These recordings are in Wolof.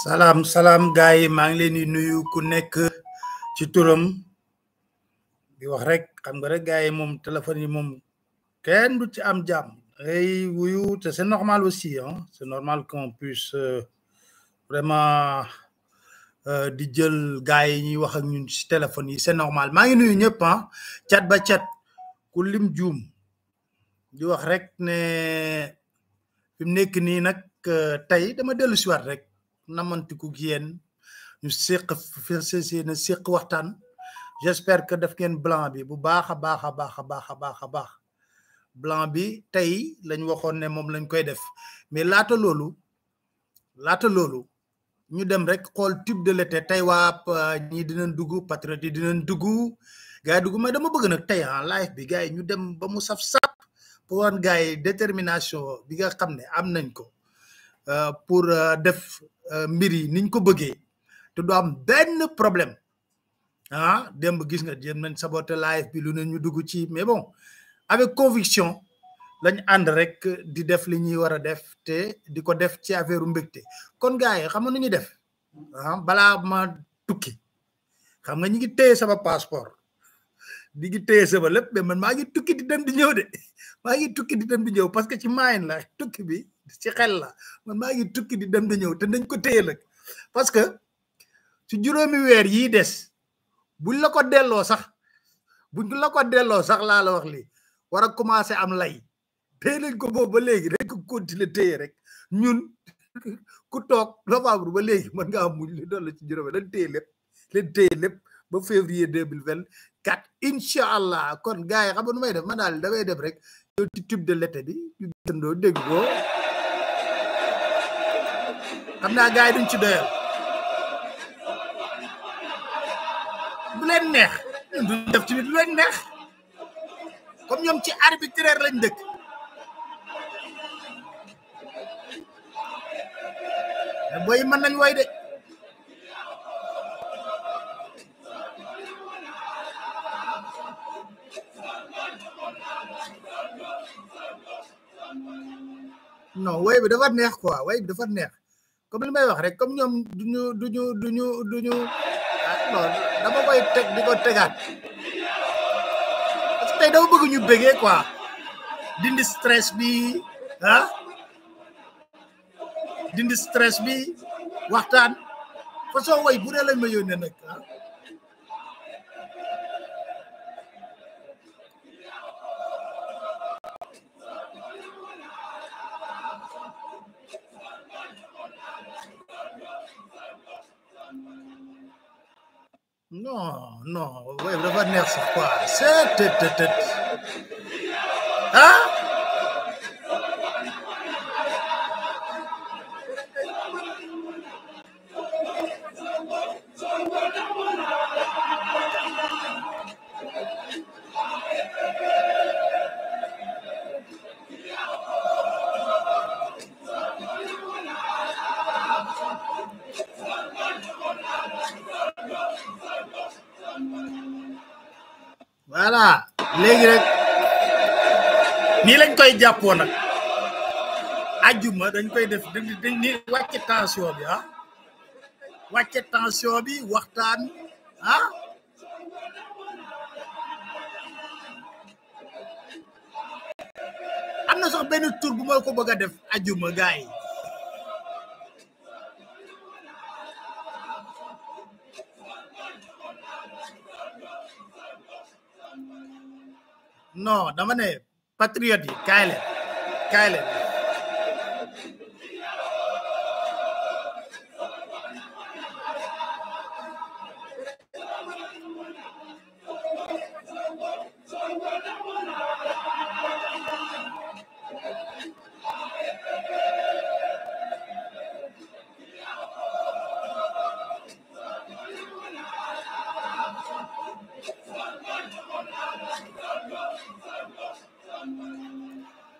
salaam salaam gars yi maa ngi leen di nuyu ku nekk ci turam di wax rek xam nga rek gars yi moom téléphone yi moom kenn du ci am jàmm ay wuyu te c'est normal aussi hein c'est normal qu'on puisse euh, vraiment euh, di jël gars yi ñuy wax ak ñun ci téléphone yi se normal maa ngi nuyu ñëpp ah cat ba cat ku lim juum di wax rek ne fi nekk nii nag euh, tey dama dellu siwaat rek namantiku j'espère que daf blanc blanc bi de patriote en pour détermination euh, pour euh, Euh, mbir yi niñ ko bëggee te doom am benn problème ah démb gis nga jéem nañ saboté live bi lu ne ñu dugg ci mais bon avec conviction lañ ànd rek di def li ñuy war a def te di ko def ci affaire mbégte kon gars xam nga nu def ah balaa ma tukki xam nga ñi ngi téye sama passeport di ngi téye sama lépp mais man maa ngi tukki di dem di ñëw de maa ngi tukki di dem di ñëw parce que ci maayen la tukki bi ci xel la man maa ngi tukki di dem di ñëw te nañ ko téye nag parce que ci juróomi weer yii des buñ la ko delloo sax buñ la ko delloo sax laa la wax lii war a commencé am lay téye nañ ko boobu ba léegi rek ko continuer téye rek ñun ku toog novembre ba léegi mën nga am muñ li doon la ci juróomi dañ téye lépp leen téye lépp ba février 2024 mille allah kon gars yi xam nga nu may def man daal damay def rek yow ci tube de l'été bi ñu gisandoo dégg ko xam naa gars yi duñ ci doyal du leen neex ñun du def ci biir du leen neex comme ñoom ci arbitraire lañ dëkk mais booy mën nañ woy de non woy bi dafa neex ko woy bi dafa neex comme li may wax rek comme ñoom duñu duñu duñu duñu ah, non dama koy teg di ko tegaat parce tey dama bëgg ñu bégee quoi dindi stress bi ah dindi stress bi waxtaan façon way bu dee lañ ma yónnee nag ah Non, non, ouais, va sur quoi C'est... Hein nii lañ koy jàppoo nag ajuma dañ koy def dañ ni wàcce tension bi ah wàcce tension bi waxtaan ah am na sax benn tur bu ko bëgg a def ajuma gars no dama ne patriotic. Kyle. Kyle.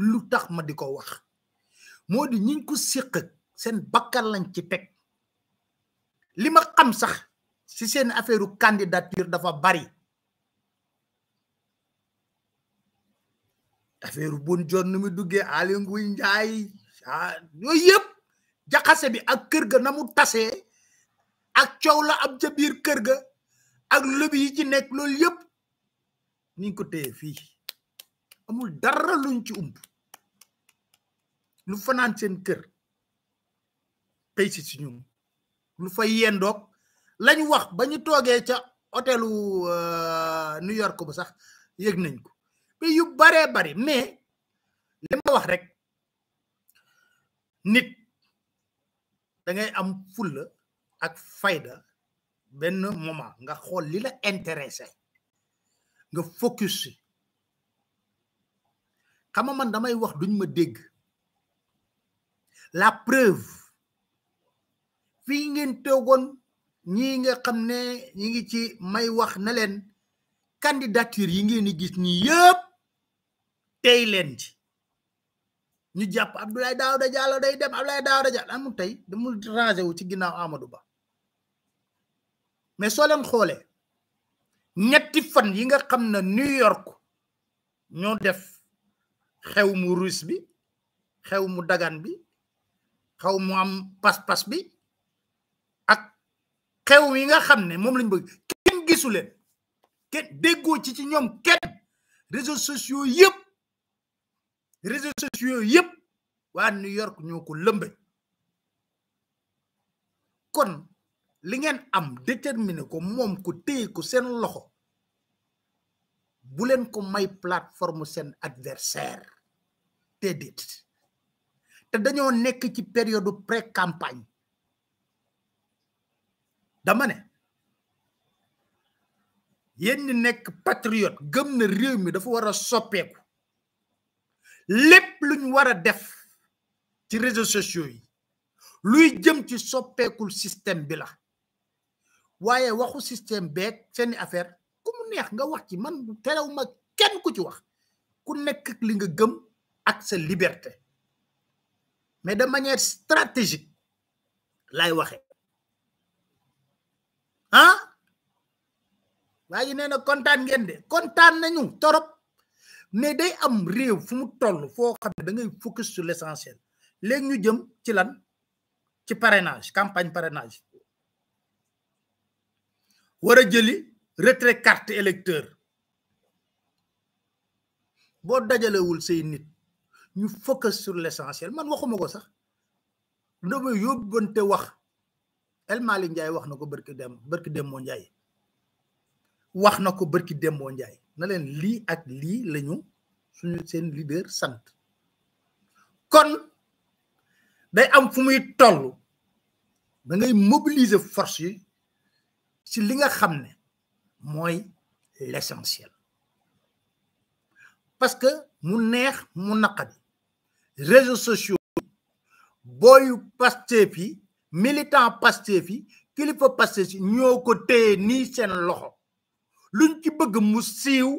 lu tax ma di ko wax moo di ñiñ ko séq seen bakkan lañ ci teg li ma xam sax si seen affaire candidature dafa bari affaire bun joon nu mu duggee Aly Ngouille Ndiaye ah, yëpp jaxase bi ak kër ga na mu tasee ak coow la am ca biir kër ga ak lobby yi ci nekk loolu yëpp niñ ko téye fii amul dara luñ ci umb lu fanaan seen kër xëy si si ñun lu fay yendoog lañ wax ba ñu toogee ca hôtelu euh, New York bu sax yëg nañ ko mais yu baree bari mais li ma wax rek nit da ngay am fulla ak fayda benn moment nga xool li la intéressé nga focus si xam nga man damay wax duñ ma dégg la preuve fii ngeen toogoon ñii nga xam ne ñi ngi ci may wax na leen candidature yi ngeen di gis ñi yëpp tey leen ci ñu jàpp Abdoulaye Daouda Diallo day dem Abdoulaye Daouda Diallo amul tey damul rangé wu ci ginnaaw Amadou Ba mais soo leen xoolee ñetti fan yi nga xam ne New York ñoo def xew mu rus bi xew mu dagan bi xew mu am pas-pas bi ak xew yi nga xam ne moom lañ bëgg kenn gisu leen kenn ci ci ñoom kenn réseaux sociaux yëpp réseaux sociaux yëpp waa New York ñoo ko lëmbe kon li ngeen am déterminé ko moom ko téye ko seen loxo buleen ko may plateforme seen adversaire déedéet te dañoo nekk ci période pré campagne dama ne yéen nekk patriote gëm na réew mi dafa war a soppeeku lépp luñ war a def ci réseaux sociaux yi luy jëm ci soppeekul système bi la waaye waxu système beek seeni affaire ku mu neex nga wax ci man terewuma kenn ku ci wax ku nekk li nga gëm accès liberté mais de manière stratégique lay waxé ah néna Hein? dé contane nañu torop mais day am réew fu mu toll da focus sur l'essentiel légui ñu jëm ci lan ci parrainage campagne parrainage wara jëli retrait carte électeur dajalewul say nit ñu focus sur l'essentiel. Maintenant, man waxuma ko sax dama yobante wax El mali Ndiaye wax barki dem barki dem mo wax nako barki dem mo na leader kon day am fu mobiliser force ci li nga parce que mu neex mu réseau sociaux booyu Pastef yi militant Pastef yi kilifa Pastef yi ñoo ko téye nii seen loxo luñ ci bëgg mu siiw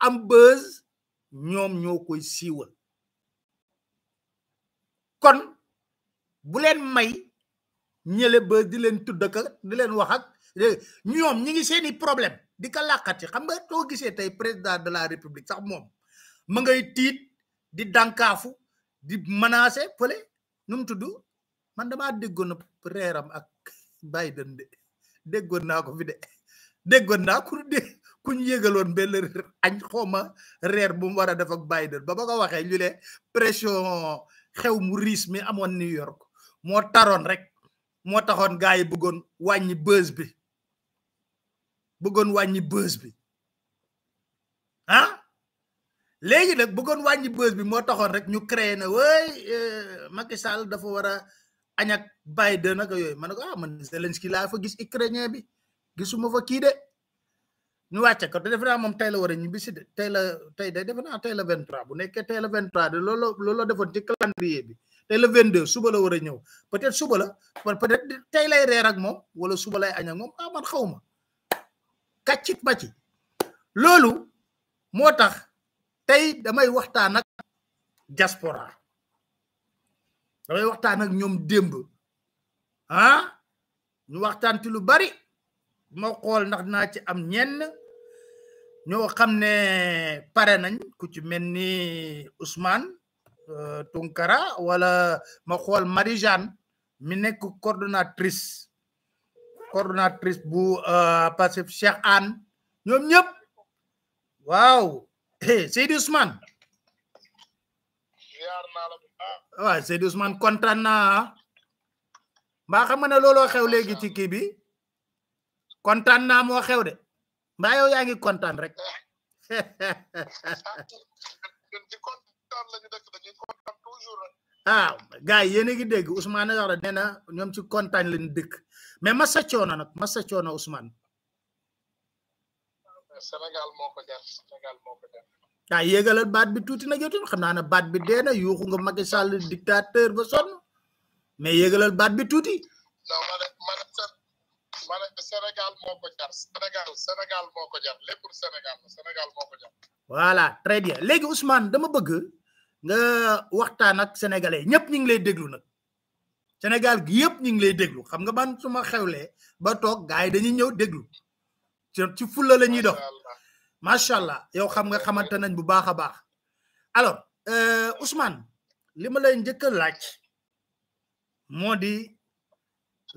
am buzz ñoom ñoo koy siiwal kon bu leen may ñële ba di leen tudd ak di leen wax ak ñoom ñi ngi seeni problème di ko làqati xam nga soo gisee tey président de la république sax moom ma ngay tiit di dànkaafu di menacé pële nu mu tudd man damaa déggoon reeram ak Biden de déggoon naa ko fi de déggoon naa ku de ku ñu yëgaloon benn añ xawma reer bu mu war a def ak Biden ba ba ko waxee ñu ne pression xew mu riis mi amoon New York moo taroon rek moo taxoon gars bëggoon wàññi bës bi bëggoon wàññi bës bi ah léegi nag bëggoon wàññi bës bi moo taxoon rek ñu créer na wéy euh, Macky Sall dafa war a añ ak Biden ak yooyu ma ne ko ah man Zelensky laa fa gis i ukrainien bi gisuma fa kii de ñu wàcce ko te defe naa moom tey la war a ñibbi si de tey la tey de defe naa tey la bu nekkee tey la 23 de loolu looloo defoon ci bi tey la 22 suba la war a ñëw peut-être suba la peut-être tey lay reer ak moom wala suba lay añ ak moom ah man xaw ma loolu moo tax. tey damay waxtaan ak diaspora damay waxtaan ak ñoom démb ah ñu waxtaan ci lu bari ma xool ndax naa ci am ñenn ñoo xam ne pare nañ ku ci mel ni Ousmane euh, Tunkara wala ma xool Marie-Jeanne mi nekk coordonnatrice coordonnatrice bu euh, Pastef Cheikh Anne ñoom ñëpp waaw hey Seydi Ousmane. waaw Seydi Ousmane kontaan naa ah. mbaa xam nga looloo xew léegi ci kii bi kontaan naa moo xew de mbaa yow yaa ngi kontaan rek. ah gars yi yéen a ngi dégg Ousmane wax nee na ñoom ci kontaan lañu dëkk mais masa coono nag masa coono Ousmane. senegal moo ko jar Sénégal moo ko jar. ah yéegalal baat bi tuuti na jotul xam naa ne baat bi dee na yuuxu nga Macky Sall dictateur ba sonn mais yéegalal baat bi tuuti. non ma ne ma ne ma jar Sénégal Sénégal moo jar lépp pour Sénégal Sénégal jar. voilà très bien léegi Ousmane dama bëgg nga waxtaan ak sénégalais ñëpp ñu ngi lay déglu nag. Sénégal gi yëpp ñu ngi lay déglu xam nga man su xewlee ba toog gars dañuy ñëw déglu. ci fulla la ñuy dox macha allah yow xam nga xamante nañ bu baax a baax alors euh, Ousmane li ma lay njëkk a laaj moo di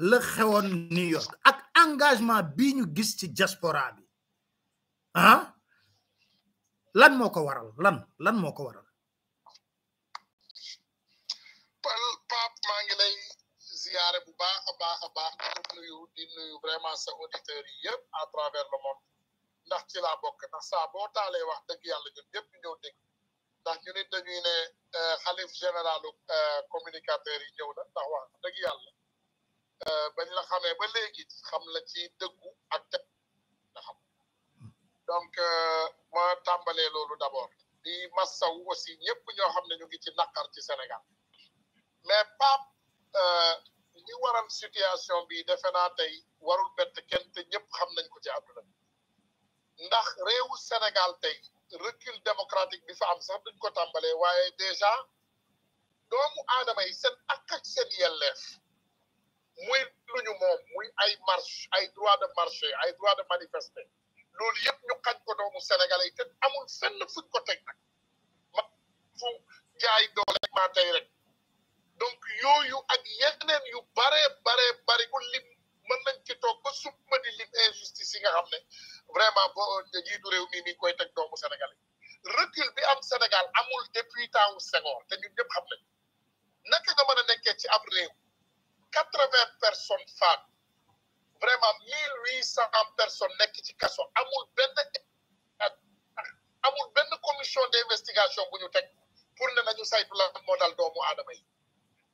la xewoon New York ak engagement bii ñu gis ci diaspora bi ah lan moo ko waral lan lan moo ko waral pap maa lay baax a baax a baax di nuyu nuyu vraiment sa auditeurs yi yëpp à travers le monde ndax ci laa bokk ndax saa boo taalee wax dëgg yàlla ñun ñëpp ñu ñëw dégg ndax ñu nit dañuy ne euh, xalif généralu euh, communicateur yi ndax wax dëgg yàlla euh, bañ la xamee ba léegi xam la ci dëggu ak teg donc ma tàmbalee loolu d'abord di massaw aussi ñëpp ñoo xam ne ñu ngi ci naqar ci Sénégal mais Pape li waral situation bi defe naa tey warul bett kenn te ñëpp xam nañ ko ci àdduna ndax réewu Sénégal tey recul démocratique bi fa am sax duñ ko tàmbalee waaye déjà doomu aadama yi seen ak ak seen yelleef muy lu ñu moom muy ay marche ay droit de marché ay droit de manifester loolu yëpp ñu xañ ko doomu sénégalais yi te amul fenn fuñ ko teg nag ma fu jaay doole ma tey rek donc yooyu ak yeneen yu bare baree bari ku lim ma nañ ci toog ba suuf ma di lim injustice yi nga xam ne vraiment bo jiitu réew mi mi koy teg doomu Sénégal yi recul bi am Sénégal amul depuis temps Senghor te ñun ñëpp xam nañ naka nga mën a nekkee ci am réew quatre vingt personnes faatu vraiment mille huit cent personnes nekk ci kaso amul benn amul benn commission d' investigation bu ñu teg pour ne nañu saytu la moo dal doomu aadama yi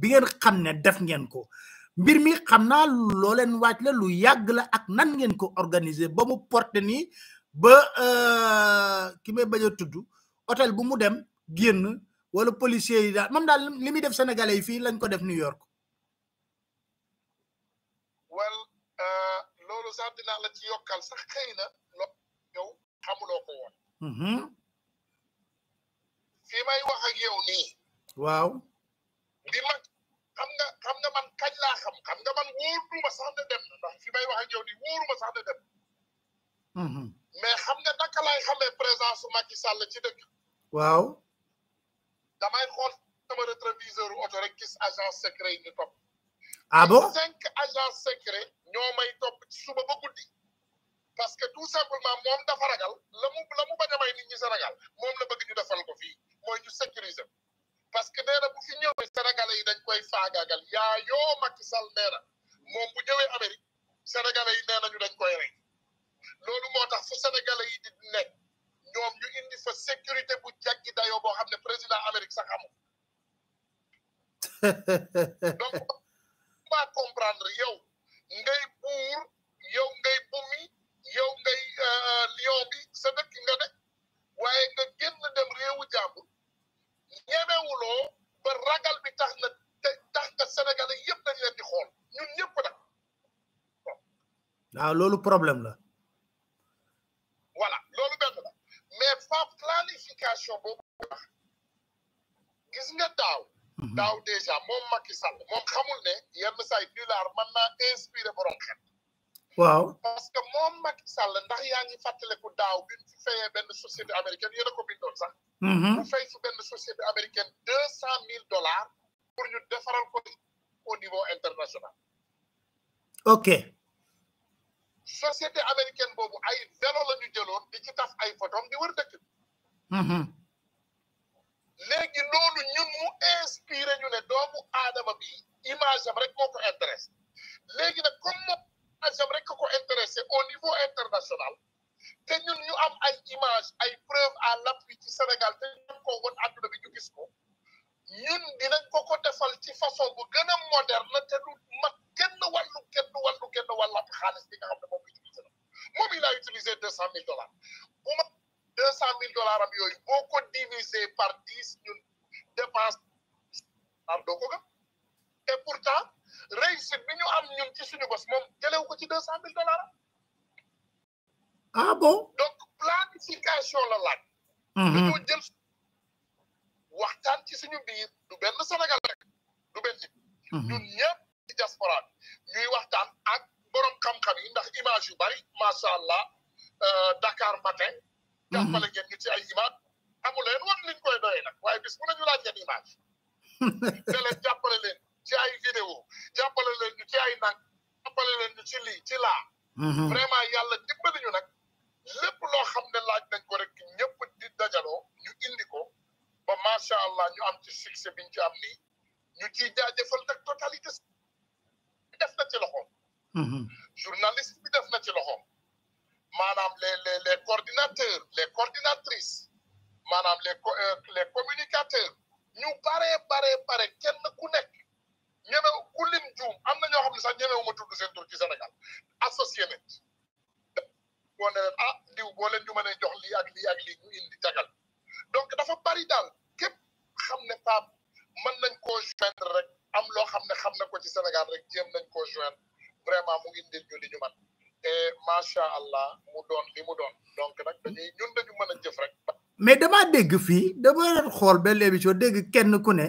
bi ngeen xam ne def ngeen ko mbir mi xam naa loo leen waaj la lu yàgg la ak nan ngeen ko organiser ba mu porte ni ba euh, ki may bañ a tudd hôtel bu mu dem génn wala policier yi daal moom daal li muy def sénégalais yi fii lañ ko def New York. well euh, loolu sax dinaa la ci yokkal sax xëy na loo yow xamuloo ko woon. Mhm. fi may wax ak yow waaw. di ma xam nga xam nga man kañ laa xam xam nga man wóoruma sax dem fi may wax ak yow nii wóoruma sax ne dem. Mhm. mais xam nga naka laay xamee présence su Macky Sall ci dëkk. waaw. damay xool sama rétroviseur oto rek gis agence secret yi ñu topp. ah bon cinq agents secret ñoo may topp ci suba ba guddi. parce que tout simplement moom dafa ragal la mu la mu bañ a may nit ñi Sénégal moom la bëgg ñu defal ko fii mooy ñu sécuriser. parce que nee na bu fi ñëwee sénégalais yi dañ koy faagaagal yaa yoo Macky Sall nee na moom bu ñëwee Amérique sénégalais yi nee loolu moo tax fu sénégalais yi di nekk ñoom ñu indi fa sécurité bu jaggi dayoo boo xam ne président Amérique sax amul donc ba comprendre yow ngay buur yow ngay bumi yow ngay euh, euh, lion sa dëkk nga de waaye nga génn dem réewu jàmbur ñemewu ba ragal bi tax na tax na sénégalais yëpp dañ xool ñun ñëpp nag waaw ah, loolu problème la voilà loolu benn la mais fa planification boobu wax gis nga daaw mhm. daaw déjà moom Macky Sall moom xamul ne yenn saa yi dollar mën naa inspiré borom xel waaw parce que moom Macky Sall ndax yaa ngi fàttaleku daaw bi mu fi fayee benn société américaine ko bindoon sax. Mm-hmm. mu fay su benn société américaine deux cent mille dollars pour ñu defaral ko au niveau international. ok. société américaine boobu ay vélo la ñu jëloon di ci taf ay photom di wër dëkk. Mm-hmm. léegi loolu ñun mu inspiré ñu ne doomu aadama bi image am rek moo ko intéresse léegi nag comme am rek ko intéressé au niveau international te ñun ñu am ay image ay preuve à l'appui ci Sénégal te ñun ko woon àdduna bi ñu gis ko ñun dinañ ko ko defal ci façon bu gën a moderne te lu mat kenn wàllu kenn wàllu kenn wàllaat xaalis bi nga xam ne moom la utilisé la moom il a utilisé deux cent mille dollars bu ma deux cent mille dollars am yooyu boo ko divisé par diis ñun dépense am doo et pourtant réussite bi am ñun ci suñu bos moom jëlew ko ci deux cent mille dollars ah bon donc planification la laaj mhm. dañoo jël waxtaan ci suñu biir du benn Sénégal rek du benn nit mhm. waxtaan ak borom xam-xam yi ndax image yu bari macha allah euh, Dakar matin mhm. jàppale ngeen ñu ci ay image amu leen woon liñ koy doyee nag waaye bis mu nañu laaj leen image te leen ci ay vidéo jàppale leen ñu ci ay nag jàppale leen ñu ci lii ci laa mhm. vraiment yàlla dimbali ñu nag lépp loo xam ne laaj nañ ko rek ñëpp di dajaloo ñu indi ko ba macha allah ñu am ci succès biñ ci am nii ñu ciy jaajëfal nag totalité def na ci loxoom mhm. journaliste bi def na ci loxoom maanaam les les les coordinateurs les coordinatrices maanaam les euh, les communicateurs ñu bare bare bare kenn ku nekk ñeme ku lim juum am na ñoo xam ne sax ñeme wu ma tudd seen tur ci Sénégal a nañ ci. boo ne ah diw boo leen ñu mën a jox lii ak lii ak lii ñu indi jagal donc dafa bari daal képp xam ne Pape man nañ ko joindre rek am loo xam ne xam na ko ci senegal rek jéem nañ koo joindre vraiment mu indil ñu li ñu man te macha allah mu doon li mu doon donc nag dañuy ñun dañu mën a jëf rek. mais damaa dégg fii dama xool be benn émission dégg kenn ku ne.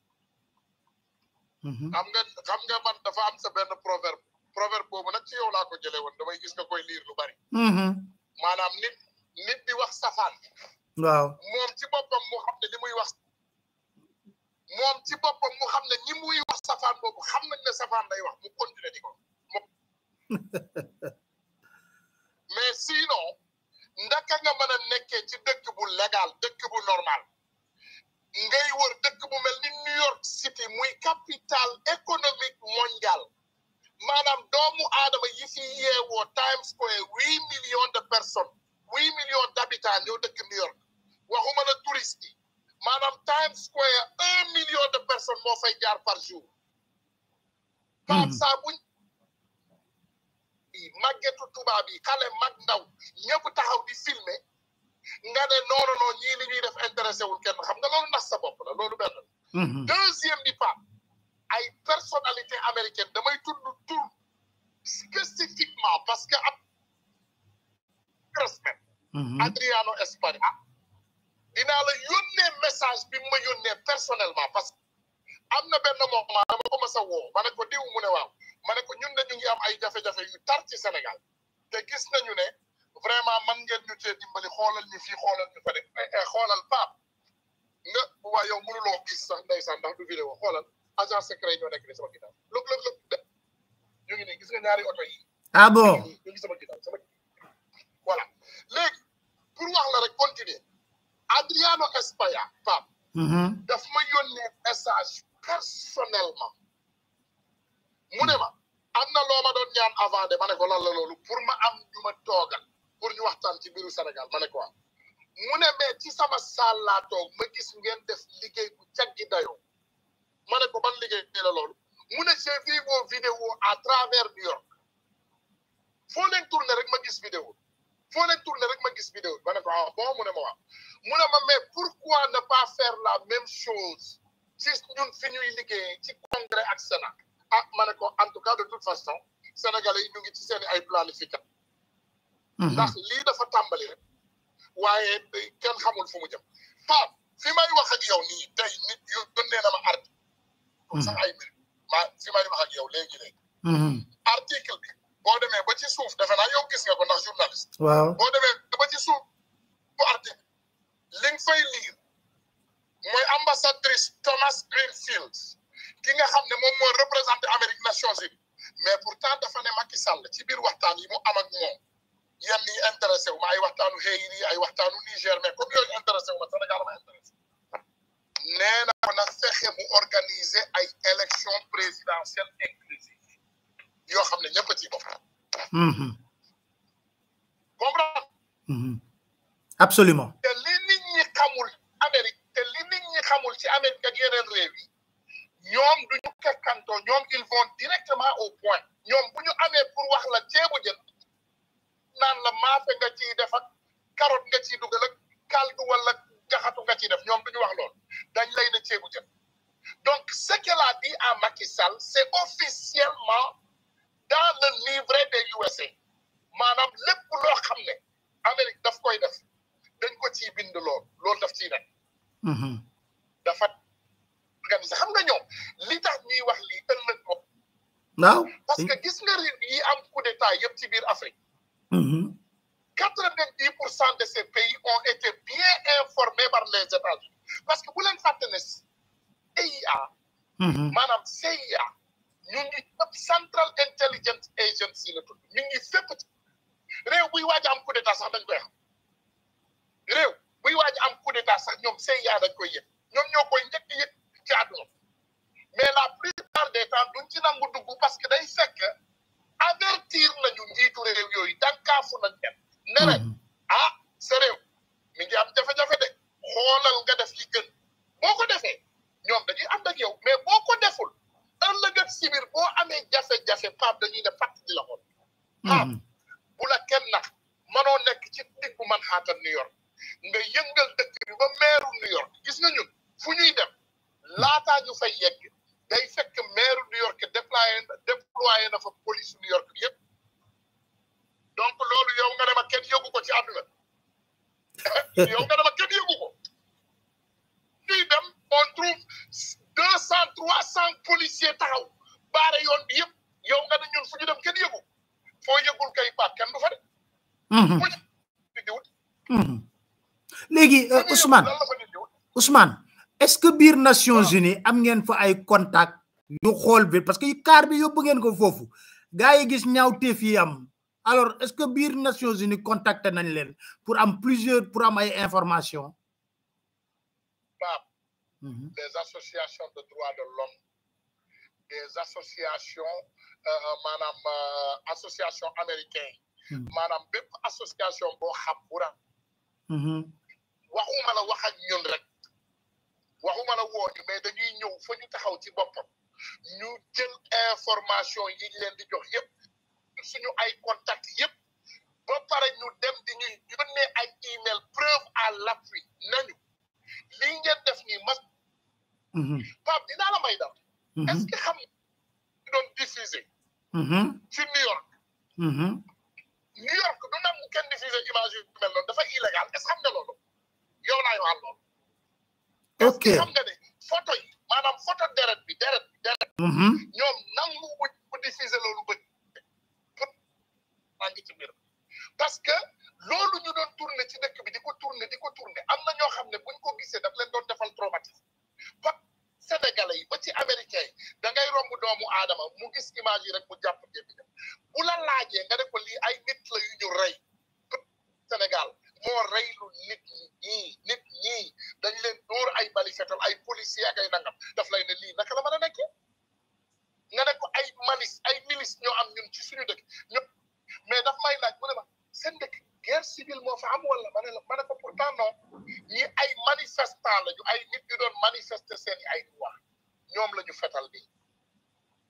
Mm-hmm. xam nga xam nga man dafa am sa benn proverbe proverbe boobu nag ci yow laa ko jëlee woon damay gis nga koy liir lu bari. Mm-hmm. maanaam nit nit di wax safaan. waaw moom ci boppam mu xam ne li wax. moom ci boppam mu xam ne ñi muy wax safaan boobu xam nañ ne safaan lay wax mu continuer di ko mais sinon ndaka nga mën a nekkee ci dëkk bu légal dëkk bu normal. ngay wër dëkk bu mel ni New York City muy capitale économique mondiale maanaam doomu aadama yi fi yeewoo Times Square huit millions de personnes huit millions d'habitants ñoo dëkk New York waxuma la touriste yi maanaam Times Square un million de personnes moo fay jaar par jour maam saa buñ màggetu tubaab yi xale mag ndaw ñëpp taxaw di filmer nga ne noonu noonu ñii li ñuy def intéressé wul kenn xam nga loolu nax sa bopp la loolu benn la mhm. deuxième bi Pape ay personnalité américaine damay tudd tur spécifiquement parce que ab respect mhm. Adriano España ah, dinaa la yónnee message bi ma yónnee personnellement parce que am na benn moment dama ko mas a woo ma ne ko diw mu ne waaw ma ko ñun dañu ngi am ay jafe-jafe yu tar ci Sénégal te gis nañu ne vraiment man ngeen ñu cee dimbali xoolal ñu fii xoolal ñu fa de eh, xoolal nga bu waa yow mënuloo sax ndeysaan ndax du vidéo xoolal agent secret ñoo nekk ni sama ginnaaw lëg lëg lëg de ñu ngi nii gis nga ñaari oto ah bon ñu ngi sama ginnaaw sama voilà léegi pour wax la rek continuer Adriano España Pape mm-hmm. daf ma yónnee message personnellement mu ne ma am na loo ma doon ñaan avant de ma ne ko lan la loolu pour ma am ñu ma toogal pour ñu waxtaan ci biiru Sénégal ma ne ko waaw mu ne mais ci sama saal laa toog ma gis ngeen def liggéey bu jaggi dayoo ma ne ko ban liggéey la loolu mu ne j'ai vu vos à travers New York foo leen tourner rek ma gis vidéo foo leen tourner rek ma gis vidéo ma ko ah bon mu ne ma waaw mu ne mais pourquoi ne pas faire la même chose ci ñun fi ñuy liggéey ci congrès ak Sénat ah ma ko en tout cas de toute façon sénégalais yi ñu ngi ci seen ay planification ndax lii dafa tàmbali rek waaye kenn xamul fu mu jëm Pape fi may wax ak yow nii tey nit yu yónnee na ma article sax ay mbir ma fi may wax ak yow léegi léegi article bi boo demee ba ci suuf defe naa yow gis nga ko ndax journaliste waaw boo demee ba ci suuf bu article li nga fay lire mooy ambassadrice Thomas Greenfield ki nga xam ne moom mooy représenté Amérique Nations Unies mais pourtant dafa ne Macky Sall ci biir waxtaan yi mu am ak moom yenn yi intéressé wu ma ay waxtaanu Haïti ay waxtaanu Niger mais comme yooyu intéressé wu ma Sénégal ma intéressé nee na ko na fexe organiser ay élection présidentielle inclusive yoo xam ne ñëpp a ciy bopp mhm. comprendre mhm. absolument te li nit ñi xamul Amérique te li nit ñi xamul ci Amérique ak yeneen réew yi ils vont directement au point ñoom bu ñu amee pour wax la ceebu jën naan la maafe nga ciy def ak carotte nga ciy dugal ak kaldu wala jaxatu nga ciy def ñoom duñu wax lool dañ lay na ceebu jën donc ce qu'elle a dit à Macky Sall c'est officiellement dans le livret des USA maanaam lépp loo xam ne Amérique daf koy def dañ ko ci bind lool loolu daf ciy nekk mhm. dafa organiser xam nga ñoom li tax ñuy wax lii ëllëg ko waaw parce que gis nga réew yi am coup d'état yëpp ci biir Afrique Mm-hmm. quatre-vingt-dix pour cent de ces pays ont été bien informés par les états parce que bu leen fàtte ne CIA mm-hmm. maanaam CIA ñu ngi ëpp Central Intelligence Agency la tudd ñu ngi fépp ci réew buy waaj am coup d'état sax dañ koy xam réew buy waaj am coup d'état sax ñoom CIA dañ koy yëg ñoom ñoo koy njëkk yëg ci àdduna mais la plupart des temps duñ ci nangu dugg parce que day fekk avertir nañu njiitu réew yooyu dànkaafu nañ dem ne leen mhm. ah sa mi ngi am jafe-jafe de xoolal nga def li gën boo ko defee ñoom dañuy ànd ak yow mais boo ko deful ëllëg ak si biir boo amee jafe-jafe paam dañuy ne fàtt di la xool mhm. la kenn nax manoo nekk ci diggu Manhattan New York nga yëngal dëkk bi ba meeru New York gis nga fu ñuy dem laataa fa fay yegg day fekk maire New York déployé na déployé na fa police New York bi yëpp donc loolu yow nga ne ma kenn yëgu ko ci àdduna yow nga ne ma kenn yëgu ko ñuy dem on trouve deux cent trois cent policiers taxaw baare yoon bi yëpp yow nga ne ñun fu ñu dem kenn yëgu foo yëgul kay baat kenn du fa de mm-hmm. fu ñu di mm-hmm. léegi euh, Ousmane Ousmane est-ce que Bir Nations Unies am ngeen fa ay contact parce que car bi yóbbu ngeen ko fofu gaay alors est-ce que Bir Nations Unies contacté nañ leen pour am plusieurs pour informations. Mhm. les associations de droits de l'homme des associations euh, euh, Madame euh, association américaine. Mhm. Madame association boo xam mhm. waxuma la woote mais dañuy ñëw fa ñu taxaw ci boppam ñu jël information yi leen di jox yëpp suñu ay contact yëpp ba pare ñu dem di ñuy yónnee ay email preuve à l'appui nañu lii ngeen def nii mas mm-hmm. Pape dinaa la may dal mm-hmm. est-ce que xam doon diffuser mm-hmm. ci New York New York kenn diffuser image yu illégal est-ce xam nga loolu yow laa loolu parce que xam nga bi deret bi mm-hmm. ñoom nangu wuñ bu diffusé loolu ngi ci biir parce que loolu ñu doon tourné ci dëkk bi di ko tourné di ko tourné am na ñoo xam ne buñ ko gisee daf leen doon defal traumatisme ba sénégalais yi ba ci américains yi da ngay romb doomu aadama mu gis image yi rek mu jàpp bi dem bu la laajee nga ne ko ay nit la yu ñu rey Sénégal moo reylu nit ñi nit ñi dañ leen dóor ay bali ay policier ak ay nangam daf lay ne lii naka la mën a nekkee nga ne ko ay malice ay milice ñoo am ñun ci suñu dëkk ñun mais daf may laaj mu ne ma seen dëkk guerre civile moo fa am wala ma ne la ma ne ko pourtant non ñi ay manifestant lañu ay nit ñu doon manifester seen i ay droit ñoom la ñu fetal bi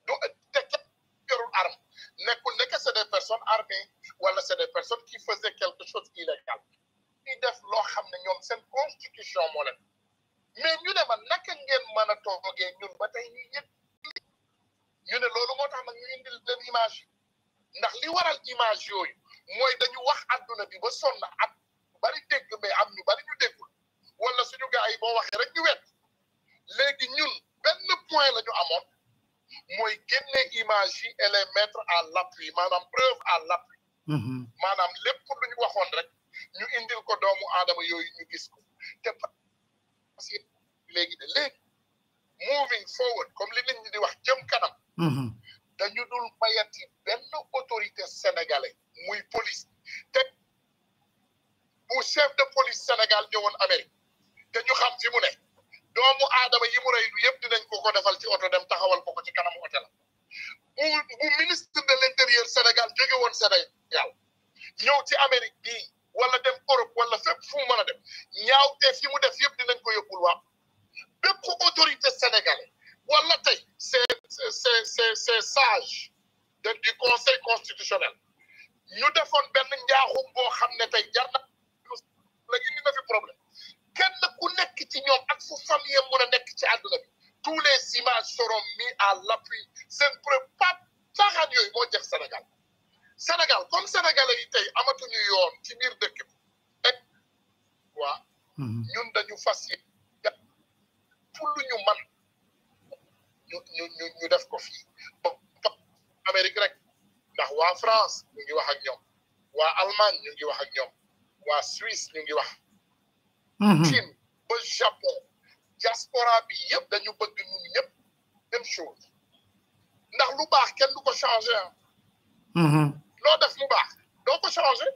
du te kenn yorul arme nekkul nekk c'est des personnes armées wala c'est des personnes qui faisaient quelque chose illégal di def loo xam ne ñoom constitution moo leen mais ñu ne ma naka ngeen mën a ñun ba tey ñuy yëg ñu ne loolu moo tax ñu indil leen image ndax li waral image yooyu mooy dañu wax àdduna bi ba sonn at bari dégg mais am ñu bari ñu déggul wala suñu gars yi boo rek ñu wet léegi ñun benn point la ñu amoon génne image yi et les mettre à l'appui maanaam preuve à l'appui maanaam lépp lu ñu rek ñu indil ko doomu aadama yooyu ñu gis ko te parce que léegi de léegi moving forward comme li nit ñi di wax jëm kanam mhm. dañu dul mayati benn autorité sénégalais muy police te bu chef de police Sénégal ñëwoon Amérique te ñu xam fi mu doomu adama yi rey lu yëpp dinañ ko ko defal ci oto dem taxawal ko ko ci kanamu oto la bu bu ministre de l' intérieur Sénégal jóge woon Sénégal ñëw ci Amérique bii wala dem Europe wala fépp fu mu mën a dem ñaawteef yi mu def yëpp dinañ ko yóbbul waa bépp autorité sénégalais wala tey c'est c'est c'est c'est sage de du conseil constitutionnel ñu defoon benn njaaxum boo xam ne tey jar na la indi na fi problème kenn ku nekk ci ñoom ak fu famille mën a nekk ci àdduna bi tous les images seront mis à l'appui seen preuve pas caaxaan yooyu moo jeex Sénégal Sénégal comme sénégalais yi tey amatuñu yoon ci biir dëkk bi waa mhm. ñun dañu fas yi pour lu ñu man ñu ñu ñu def ko fi ba Amérique rek ndax waa France ñu ngi wax ak ñoom waa Allemagne ñu ngi wax ak ñoom waa Suisse ñu ngi wax mhm. Chine ba Japon diaspora bi yëpp dañu bëgg ñun ñëpp même chose ndax lu baax kenn du ko changé loo def mu baax doo ko changé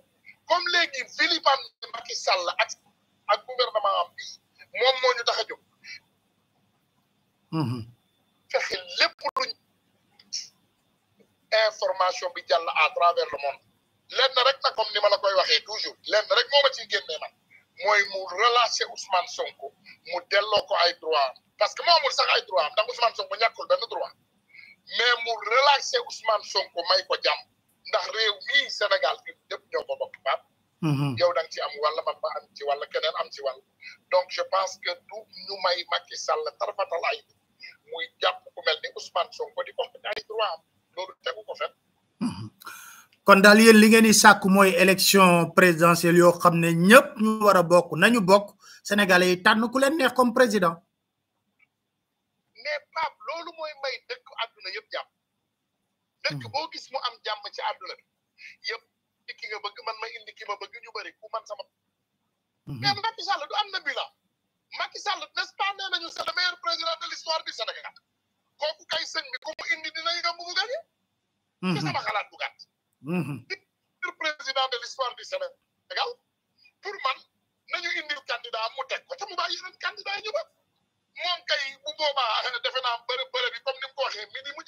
comme léegi vilipender Macky Sall ak ak gouvernement am bi moom moo ñu tax a jóg. Mhm. fexe lépp luñ information bi jàll à travers le monde lenn rek nag comme ni ma la koy waxee toujours lenn rek moo ma ciy génnee nag mooy mu relâché Ousmane Sonko mu delloo ko ay droit parce que moo amul sax ay droit am ndax Ousmane Sonko ñàkkul benn droit mais mu relâché Ousmane Sonko may ko jàmm. ndax réew mii Sénégal ñun ñëpp ñoo ko bokk baab mhm. yow da ci am walla man ma ci walla keneen am ci walla donc je pense que du ñu Sall tarfatal ay muy jàpp ku mel ni Ousmane Sonko di mhm. kon daal yéen li ngeen di sàkk mooy élection présidentielle yoo xam ne ñëpp ñu war a bokk nañu bokk Sénégalais yi tànn ku leen neex comme président mais loolu mooy may dëkk àdduna yëpp jàpp dëkk hmm. boo gis mu am jàmm ci àdduna bi yëpp ki nga bëgg man ma indi ki ma bëgg ñu ku man sama hmm. mais Macky Sall du am na bilan Macky Sall nest pas nee nañu c'est meilleur président de l'histoire du Sénégal kay bi ku mu indi dina mu ci hmm. sama xalaat bu di président de l'histoire du Sénégal pour man nañu indil candidat mu teg ko te mu bàyyi yeneen candidat ñu ba moom kay bu boobaa defe naa bërëb bi comme ni ko mi mu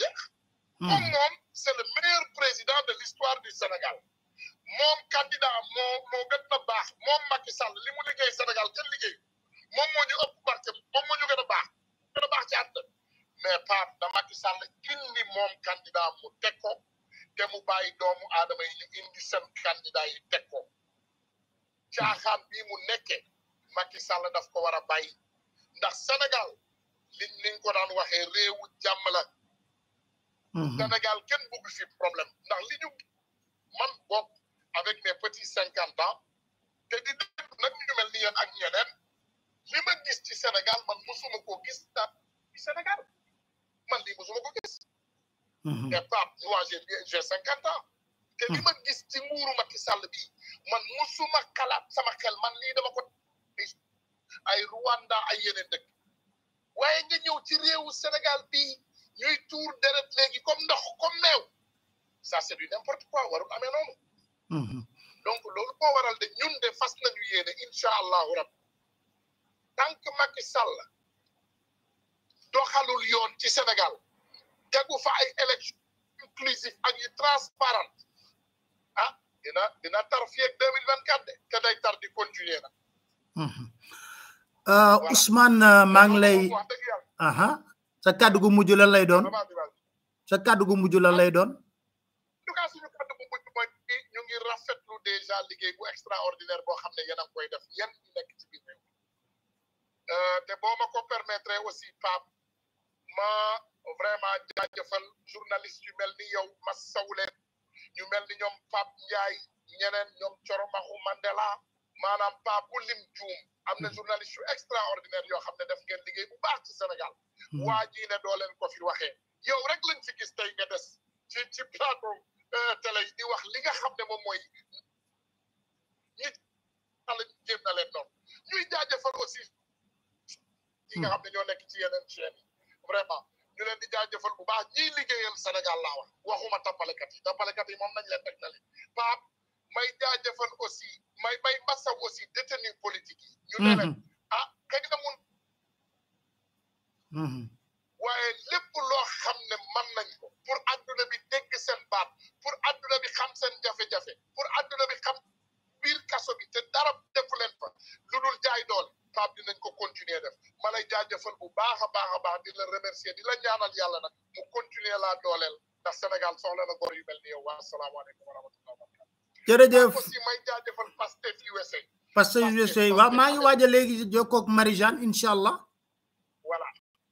moom moom est le meilleur président de l'histoire du Sénégal moom candidat moo moo gën baax moom Macky Sall li mu liggéey Sénégal kenn liggéey moom moo ñu barke moom moo ñu a baax gën a baax ci àdduna mais Pape da Macky Sall moom candidat mu teg ko te mu bàyyi doomu aadama yi ñu indi seen candidat yi teg ko caaxaan mu nekkee Macky daf ko war a bàyyi ndax Sénégal liñ niñ ko réewu jàmm Mm-hmm. Sénégal kenn bëgg fi problème ndax li ñu man bokk avec mes petits cinquante ans te di dégg nag mel ni yéen ak ñeneen li ma gis ci Sénégal man mosuma ko gis daal ci Sénégal man lii mosuma ko gis. Mm-hmm. et Pape moi j'ai ma gis ci nguuru Macky Sall bi man mosuma xalaat sama xel man li dama ko ay Rwanda ay yeneen dëkk waaye nga ñëw ci réewu Sénégal bii. ñuy tuur deret léegi comme ndox comme meew warul amee noonu mhm. donc loolu moo de ñun de fas nañu yéene incha allahu rab tant que Macky Sall doxalul yoon ci Sénégal tegu fa ay élection inclusive ak yu transparente ah dina dina tar fii ak deux mille vingt quatre de te day tar di continuer na mhm. euh, Ousmane euh, maa lay aha sa kàddu gu mujj lan lay doon sa kàddu gu mujj lan lay doon. en tout cas suñu kàddu gu mujj mooy ñu ngi rafetlu déjà liggéey extraordinaire boo xam ne a ngi koy def yéen ñi nekk ci euh, ma ko permettre aussi Pape ma vraiment jaajëfal journaliste yu mel ni yow Massaw leen ñu mel ni ñoom Pape Ndiaye ñeneen ñoom Coromaxu Mandela maanaam Pape bu lim juum. am na journaliste yu extraordinaire yoo xam ne def ngeen liggéey bu baax ci Sénégal waa jii ne doo leen ko fi waxee yow rek lañ fi gis tey nga des ci ci plateau télé di wax li nga xam ne moom mooy nit ala jéem na leen noonu ñuy jaajëfal aussi yi nga xam ne ñoo nekk ci yeneen chaîne yi vraiment ñu leen di jaajëfal bu baax ñiy liggéeyal Sénégal laa wax waxuma tappalekat yi tappalekat yi moom nañ leen teg na leen Pape may jaajëfal aussi may may massaw aussi détenu politique yi ñu ne leen mhm. ah kañ na mun waaye lépp loo xam ne man nañ ko pour adduna bi dégg seen baat pour adduna bi xam seen jafe-jafe pour adduna bi xam biir kaso bi te dara defu leen fa lu dul jaay doole Pape dinañ ko continuer def ma lay jaajëfal bu baax a baax a baax di la remercier di la ñaanal yàlla nag mu continuer laa dooleel ndax Sénégal soxla na góor yu mel ni yow wa asalaamaaleykum wa rahmatullah jërëjëf aussi may jaajëfal Pastef USA Pastef USA waaw maa ngi waaj a incha allah voilà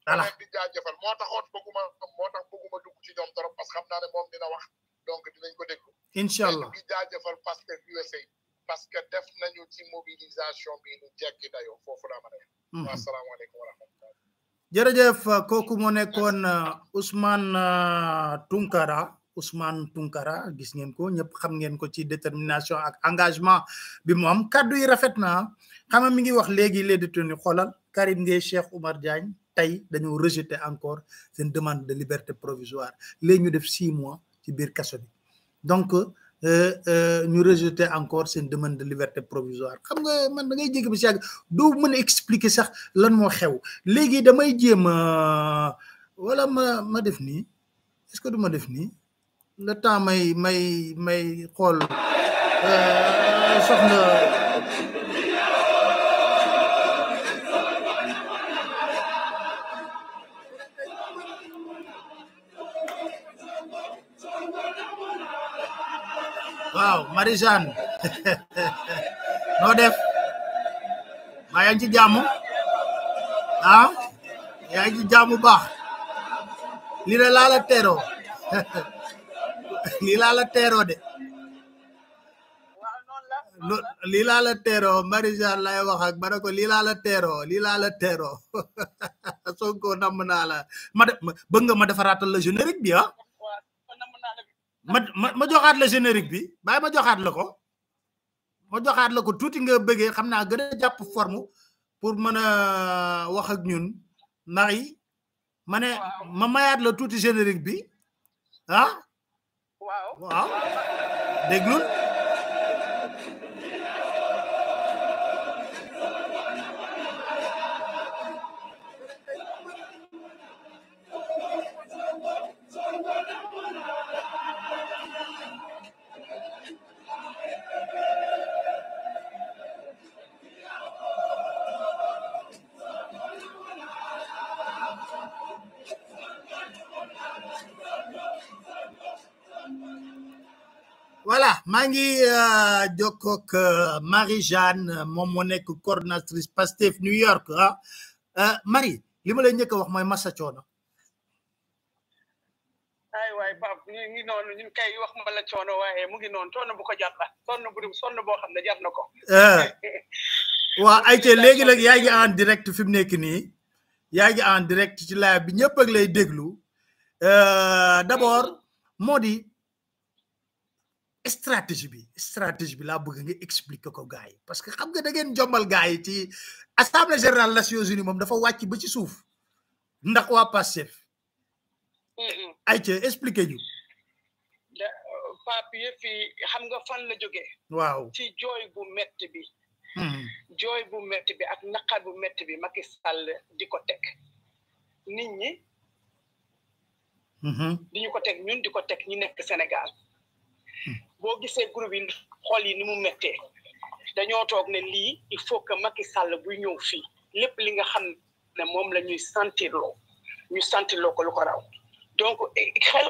voilà di jaajëfal moo taxoon bëgguma moo tax bëgguma dugg ci ñoom trop parce que xam naa ne dina wax donc ko déglu incha allah di jaajëfal Pastef USA parce que def nañu ci mobilisation bi lu jekki dayoo foofu laa mën a yem asalaamaaleykum Ousmane Tounkara gis ngeen ko ñëpp xam ngeen ko ci détermination ak engagement bi mu am kàddu yi rafet naa xam mi ngi wax léegi les détenus xoolal Karim Gueye Cheikh Oumar Diagne tey dañoo rejeter encore seen demande de liberté provisoire léegi ñu def six mois ci biir kaso bi donc euh, euh, ñu rejeter encore seen demande de liberté provisoire xam nga man dangay ngay bi ba si yàgg doo mën a expliquer sax lan moo xew léegi damay jéem a wala ma ma def nii est-ce que du ma def nii. le temps may may may xool euh, soxna waaw Marie Jeanne noo def maa yaa ngi ah yaa ngi ci jàmm baax li nii laa la teeroo de lii laa la teeroo Marie-Jeanne lay wax ko lii laa la teeroo lii laa la teeroo Sonko namm naa la ma def bëgg nga ma defaraatal la générique bi ah ma ma ma joxaat la générique bi bàyyi ma joxaat la ko ma joxaat la ko tuuti nga bëggee xam naa gën a jàpp formu pour mën a wax ak ñun ndax yi ma ne ma mayaat la tuuti générique bi ah waaw waaw déglul maa ngi euh, jokkoo ak euh, Marie Jeanne moom moo nekk coordonnatrice Pastef New York ah euh, Marie li ma lay njëkk wax mooy massa coono. ay waay Pape ñu ngi noonu ñu ngi koy wax ma la coono mu ngi noonu coono bu ko jar la sonn bu sonn xam ne jar na ko. waaw ayca léegi nag yaa en direct fi mu nekk nii yaa en direct ci live bi ñëpp ak lay déglu d'abord moo di. stratégie bi stratégie bi laa bëgg ngi expliquer ko gars yi parce que xam nga da ngeen jombal gars yi ci assemblée générale Nations Unies moom dafa wàcc ba ci suuf ndax waa Pastef. ay ca expliquer ñu. da Pape yëf xam nga fan la jóge waaw ci jooy bu metti bi. Hmm. jooy bu metti bi ak naqar bu metti bi Macky Sall di ko teg nit ñi. Hmm. di ñu ko teg ñun di ko teg ñi nekk Sénégal. boo gisee groupe yi xool yi ni mu méttee dañoo toog ne lii il faut que Macky Sall buy ñëw fii lépp li nga xam ne moom la ñuy sentir ñu sentir loo ko lu ko raw donc xel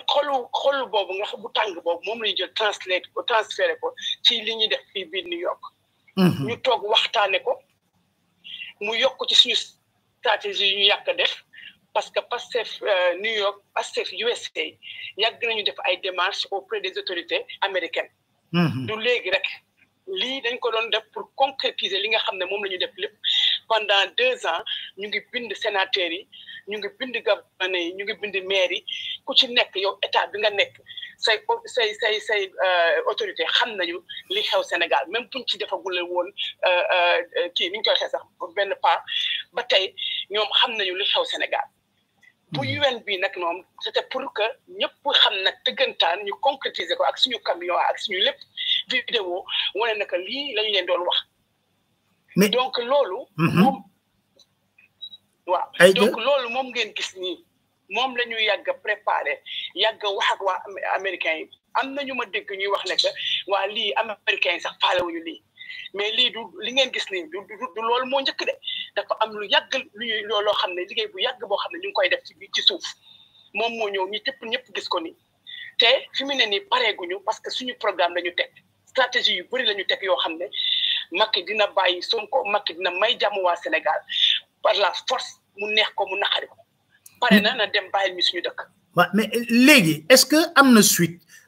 xolu boobu nga xam bu tàng boobu moom la jël translate ko transféré ko ci li ñuy def fii biir New York. Mhm. ñu toog waxtaane ko mu yokk ci suñu stratégie ñu yàq def. parce que PASSEF euh, New York PASSEF USA yàgg nañu def ay démarches auprès des autorités américaines. Nous mhm. les rek nous dañ ko doon def pour concrétiser li nga nous avons fait def pendant deux ans ñu ngi bind sénateurs yi ñu ngi bind gouvernements, nous ñu ngi bind maires. yi ku ci des yow état bi nga des say say say say euh, autorité xam nañu li xew Sénégal même buñ ci avons fait des ni ñu koy fait sax benn pas ba tey ñoom xam li xew Sénégal. bu mhm. UN bi nag moom c'était pour que ñëpp xam nag dëggantaan ñu concrétiser ko ak suñu camion ak suñu lépp vidéo wane na lii lañu leen doon wax mais donc loolu mhm. moom loolu moom ngeen gis nii moom la ñu yàgg a préparé yàgg a wax ak waa américains yi am na ñu ma dégg ñuy wax nekk que waa lii américains yi sax faale wuñu lii mais li du li ngeen gis ni du du loolu mo ñëk de dafa am lu yàgg lu lo xamné ne liggéey bu yàgg bo xamné ñu koy def ci ci suuf mom mo ñëw ñi tepp ñëpp gis ko ni té fi né ni paré guñu parce que suñu programme lañu tek stratégie yu bari lañu tek yo xamné makki dina bayyi Sonko makki dina may jamm wa Sénégal par la force mu neex ko mu naqari ko paré na na dem bàyyil mi suñu dëkk. mais léegi est-ce que am na suite.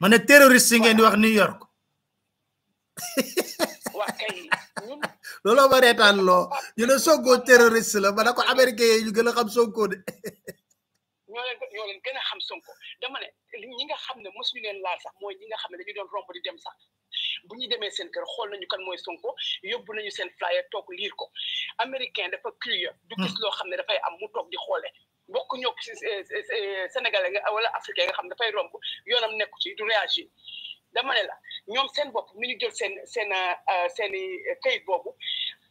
ma ne terroriste yi ngeen di wax New York. waa kay ñun. looloo ma reetaan loo ñu ne Sonko la ma ne ko américain yi ñu gën a xam Sonko de. ñoo leen ñoo leen gën a xam Sonko dama ne ñi nga xam ne mosuñu leen laal sax mooy ñi nga xam ne dañu doon romb di dem sax. bu ñu demee seen kër xool nañu kan mooy Sonko yóbbu nañu seen flyer toog liir ko américain dafa curieux hmm. loo xam ne dafay am mu toog di xoolee bokk ñoo ci eh, eh, eh, sénégalais nga wala africain nga xam ne dafay romb yoonam nekku du réagir dama la ñoom seen bopp mi ñu jël seen seen seen i kayit boobu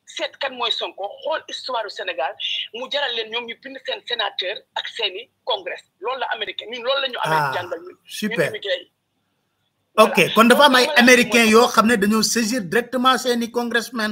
seet kan mooy Sonko xool histoire du Sénégal mu jaral leen ñoom ñu bind seen sénateur ak seen i congrès loolu la américain ñun loolu la ñu ah, amee jàngal ñun super ok kon dafa am américain yoo xam ne dañoo saisir directement seen i congressmen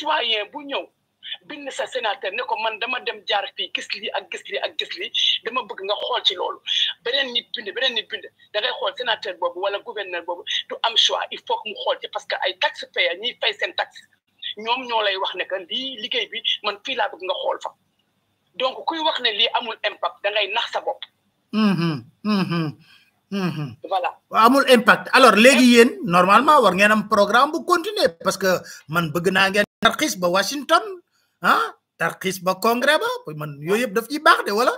citoyen bu ñëw bind sa sénateur ne ko man dama dem jaar fii gis lii ak ak gis lii dama bëgg nga xool ci loolu beneen nit bind beneen nit bind da xool sénateur boobu wala gouverneur boobu du am choix il faut que mu xool ci parce que ay taxpayers ñiy fay seen taxe ñoom ñoo lay wax ne que lii liggéey bi man fii laa bëgg nga xool fa donc kuy wax ne li amul impact da nax sa bopp. Mm-hmm, mm-hmm, mm-hmm. voilà amul impact alors léegi yéen normalement war ngeen am programme bu continuer man bëgg naa ngeen. tarxiis ba Washington ah tarxiis ba congrès ba man yooyu yëpp daf ciy baax de wala.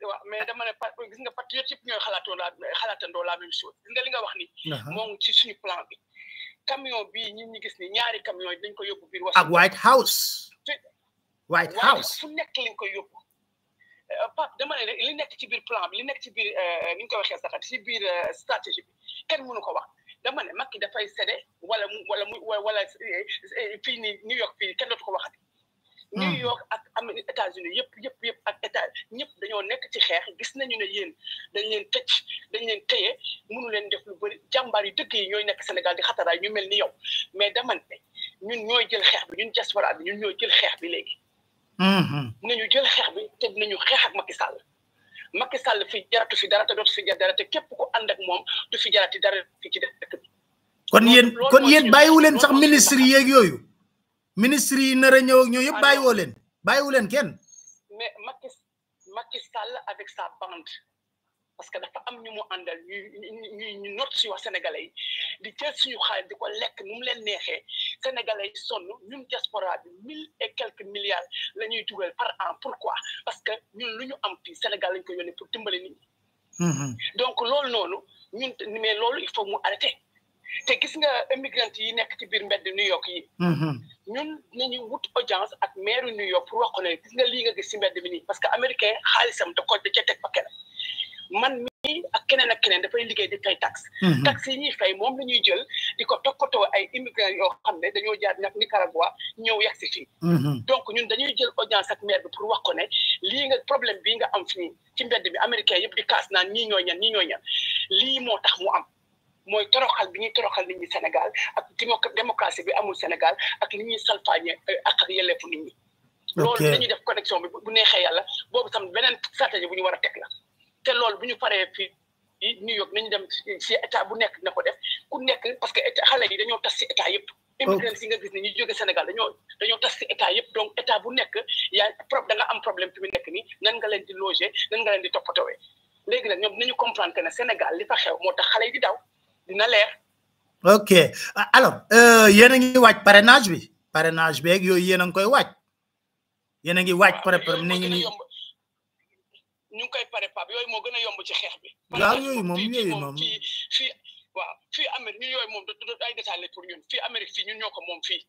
waaw mais damane ne par gis nga patriote yëpp ñooy xalaatoo la xalaatandoo la même chose gis li nga wax ni. Uh-huh. moom ci suñu plan bi. camion bii ñun ñu gis ni ñaari camion dañ ko yóbbu biir. ak White House. White House fu nekk lañ koy yóbbu. Eh, Pape dama ne li nekk ci biir plan bi li nekk ci biir eh, ni ñu waxee sax ci biir eh, stratégie bi kenn mënu ko wax. dama ne Macky dafay sede wala mu wala mu wala eh, eh, fii nii New York fii kenn dootu ko waxati. Hmm. New York ak am États-Unis yëpp yëpp yëpp ak état ñëpp dañoo nekk ci xeex gis nañu ne yéen dañ leen tëj dañ leen téye mënu leen def lu bëri jàmbaar yi dëkk yi ñooy nekk Sénégal di xataraay ñu mel ni yow mais dama ñun ñooy jël xeex bi ñun diaspora bi ñun ñooy jël xeex bi léegi. Hmm, hmm. nañu jël xeex bi te dinañu xeex ak Macky Sall. Macky Sall fi jaratu fi dara te dootu fi jar dara te képp fi jarati dara fi ci dëkk bi. kon yéen kon yéen bàyyiwu leen sax ministre yeeg yooyu ministre yi nar a ñëw ak ñoom yëpp bàyyiwoo leen bàyyiwu leen kenn. mais Macky Macky Sall avec sa bande. parce que dafa am ñu mu àndal ñu ñu not si wax sénégalais yi di jël suñu xaalis di ko lekk nu mu leen neexee sénégalais yi sonn ñun diaspora bi mille et quelques milliards la ñuy dugal par an pourquoi parce que ñun lu ñu am fii Sénégal lañ ko yónnee pour dimbale nit mm-hmm. donc loolu noonu ñun me loolu il faut mu arrêter te gis nga immigrant yi nekk ci biir mbedd New York yi mm-hmm. ñun nañu wut audience ak maire New York pour wax ko ne gis nga lii nga gis si mbedd mi nii parce que américain xaalisam da ko da ca man mii ak keneen ak keneen dafay liggéey di fay taxe mhm. taxe yi ñuy fay moom la ñuy jël di ko toppatoo ay immigrants yoo xam ne dañoo jaar nag Nicaragua ñëw yak si fii mhm. donc ñun dañuy jël audience ak maire bi pour wax ko ne lii nga bii nga am fii ci mbedd bi américain yëpp di kaas naan ñii ñooy ñan ñii ñooy ñan lii moo tax mu am mooy toroxal bi ñuy toroxal nit ñi Sénégal ak démocratie bi amul Sénégal ak li ñuy salfaañe euh, ak ak yelleefu nit ñi loolu dañuy def connexion bi bu neexee yàlla boobu tam beneen stratégie bu ñu war a teg la te loolu bu ñu paree fii New York nañu dem si état bu nekk na ko def ku nekk parce que état xale yi dañoo tas si état yëpp. Oh. immigrants si nga gis ne ñu jóge Sénégal dañoo dañoo tas si état yëpp donc état bu nekk yaa prob da am problème fi mu nekk nii nan nga leen di loger nan nga leen di toppatowee. léegi nag ñoom dinañu comprendre que ne Sénégal li fa xew moo tax xale yi di daw dina leer. ok alors euh, yéen a ngi waaj parrainage bi parrainage beeg yooyu yéen a ngi koy waaj. yéen a ngi waaj pare pare nañu ni. ñu ngi koy pare Pape yooyu moo gën a yomb ci xeex bi. waaw yooyu moom yooyu moom fii fii waaw fii Amérique ñun yooyu moom du du ay détail la pour ñun fii Amérique fii ñun ñoo ko moom fii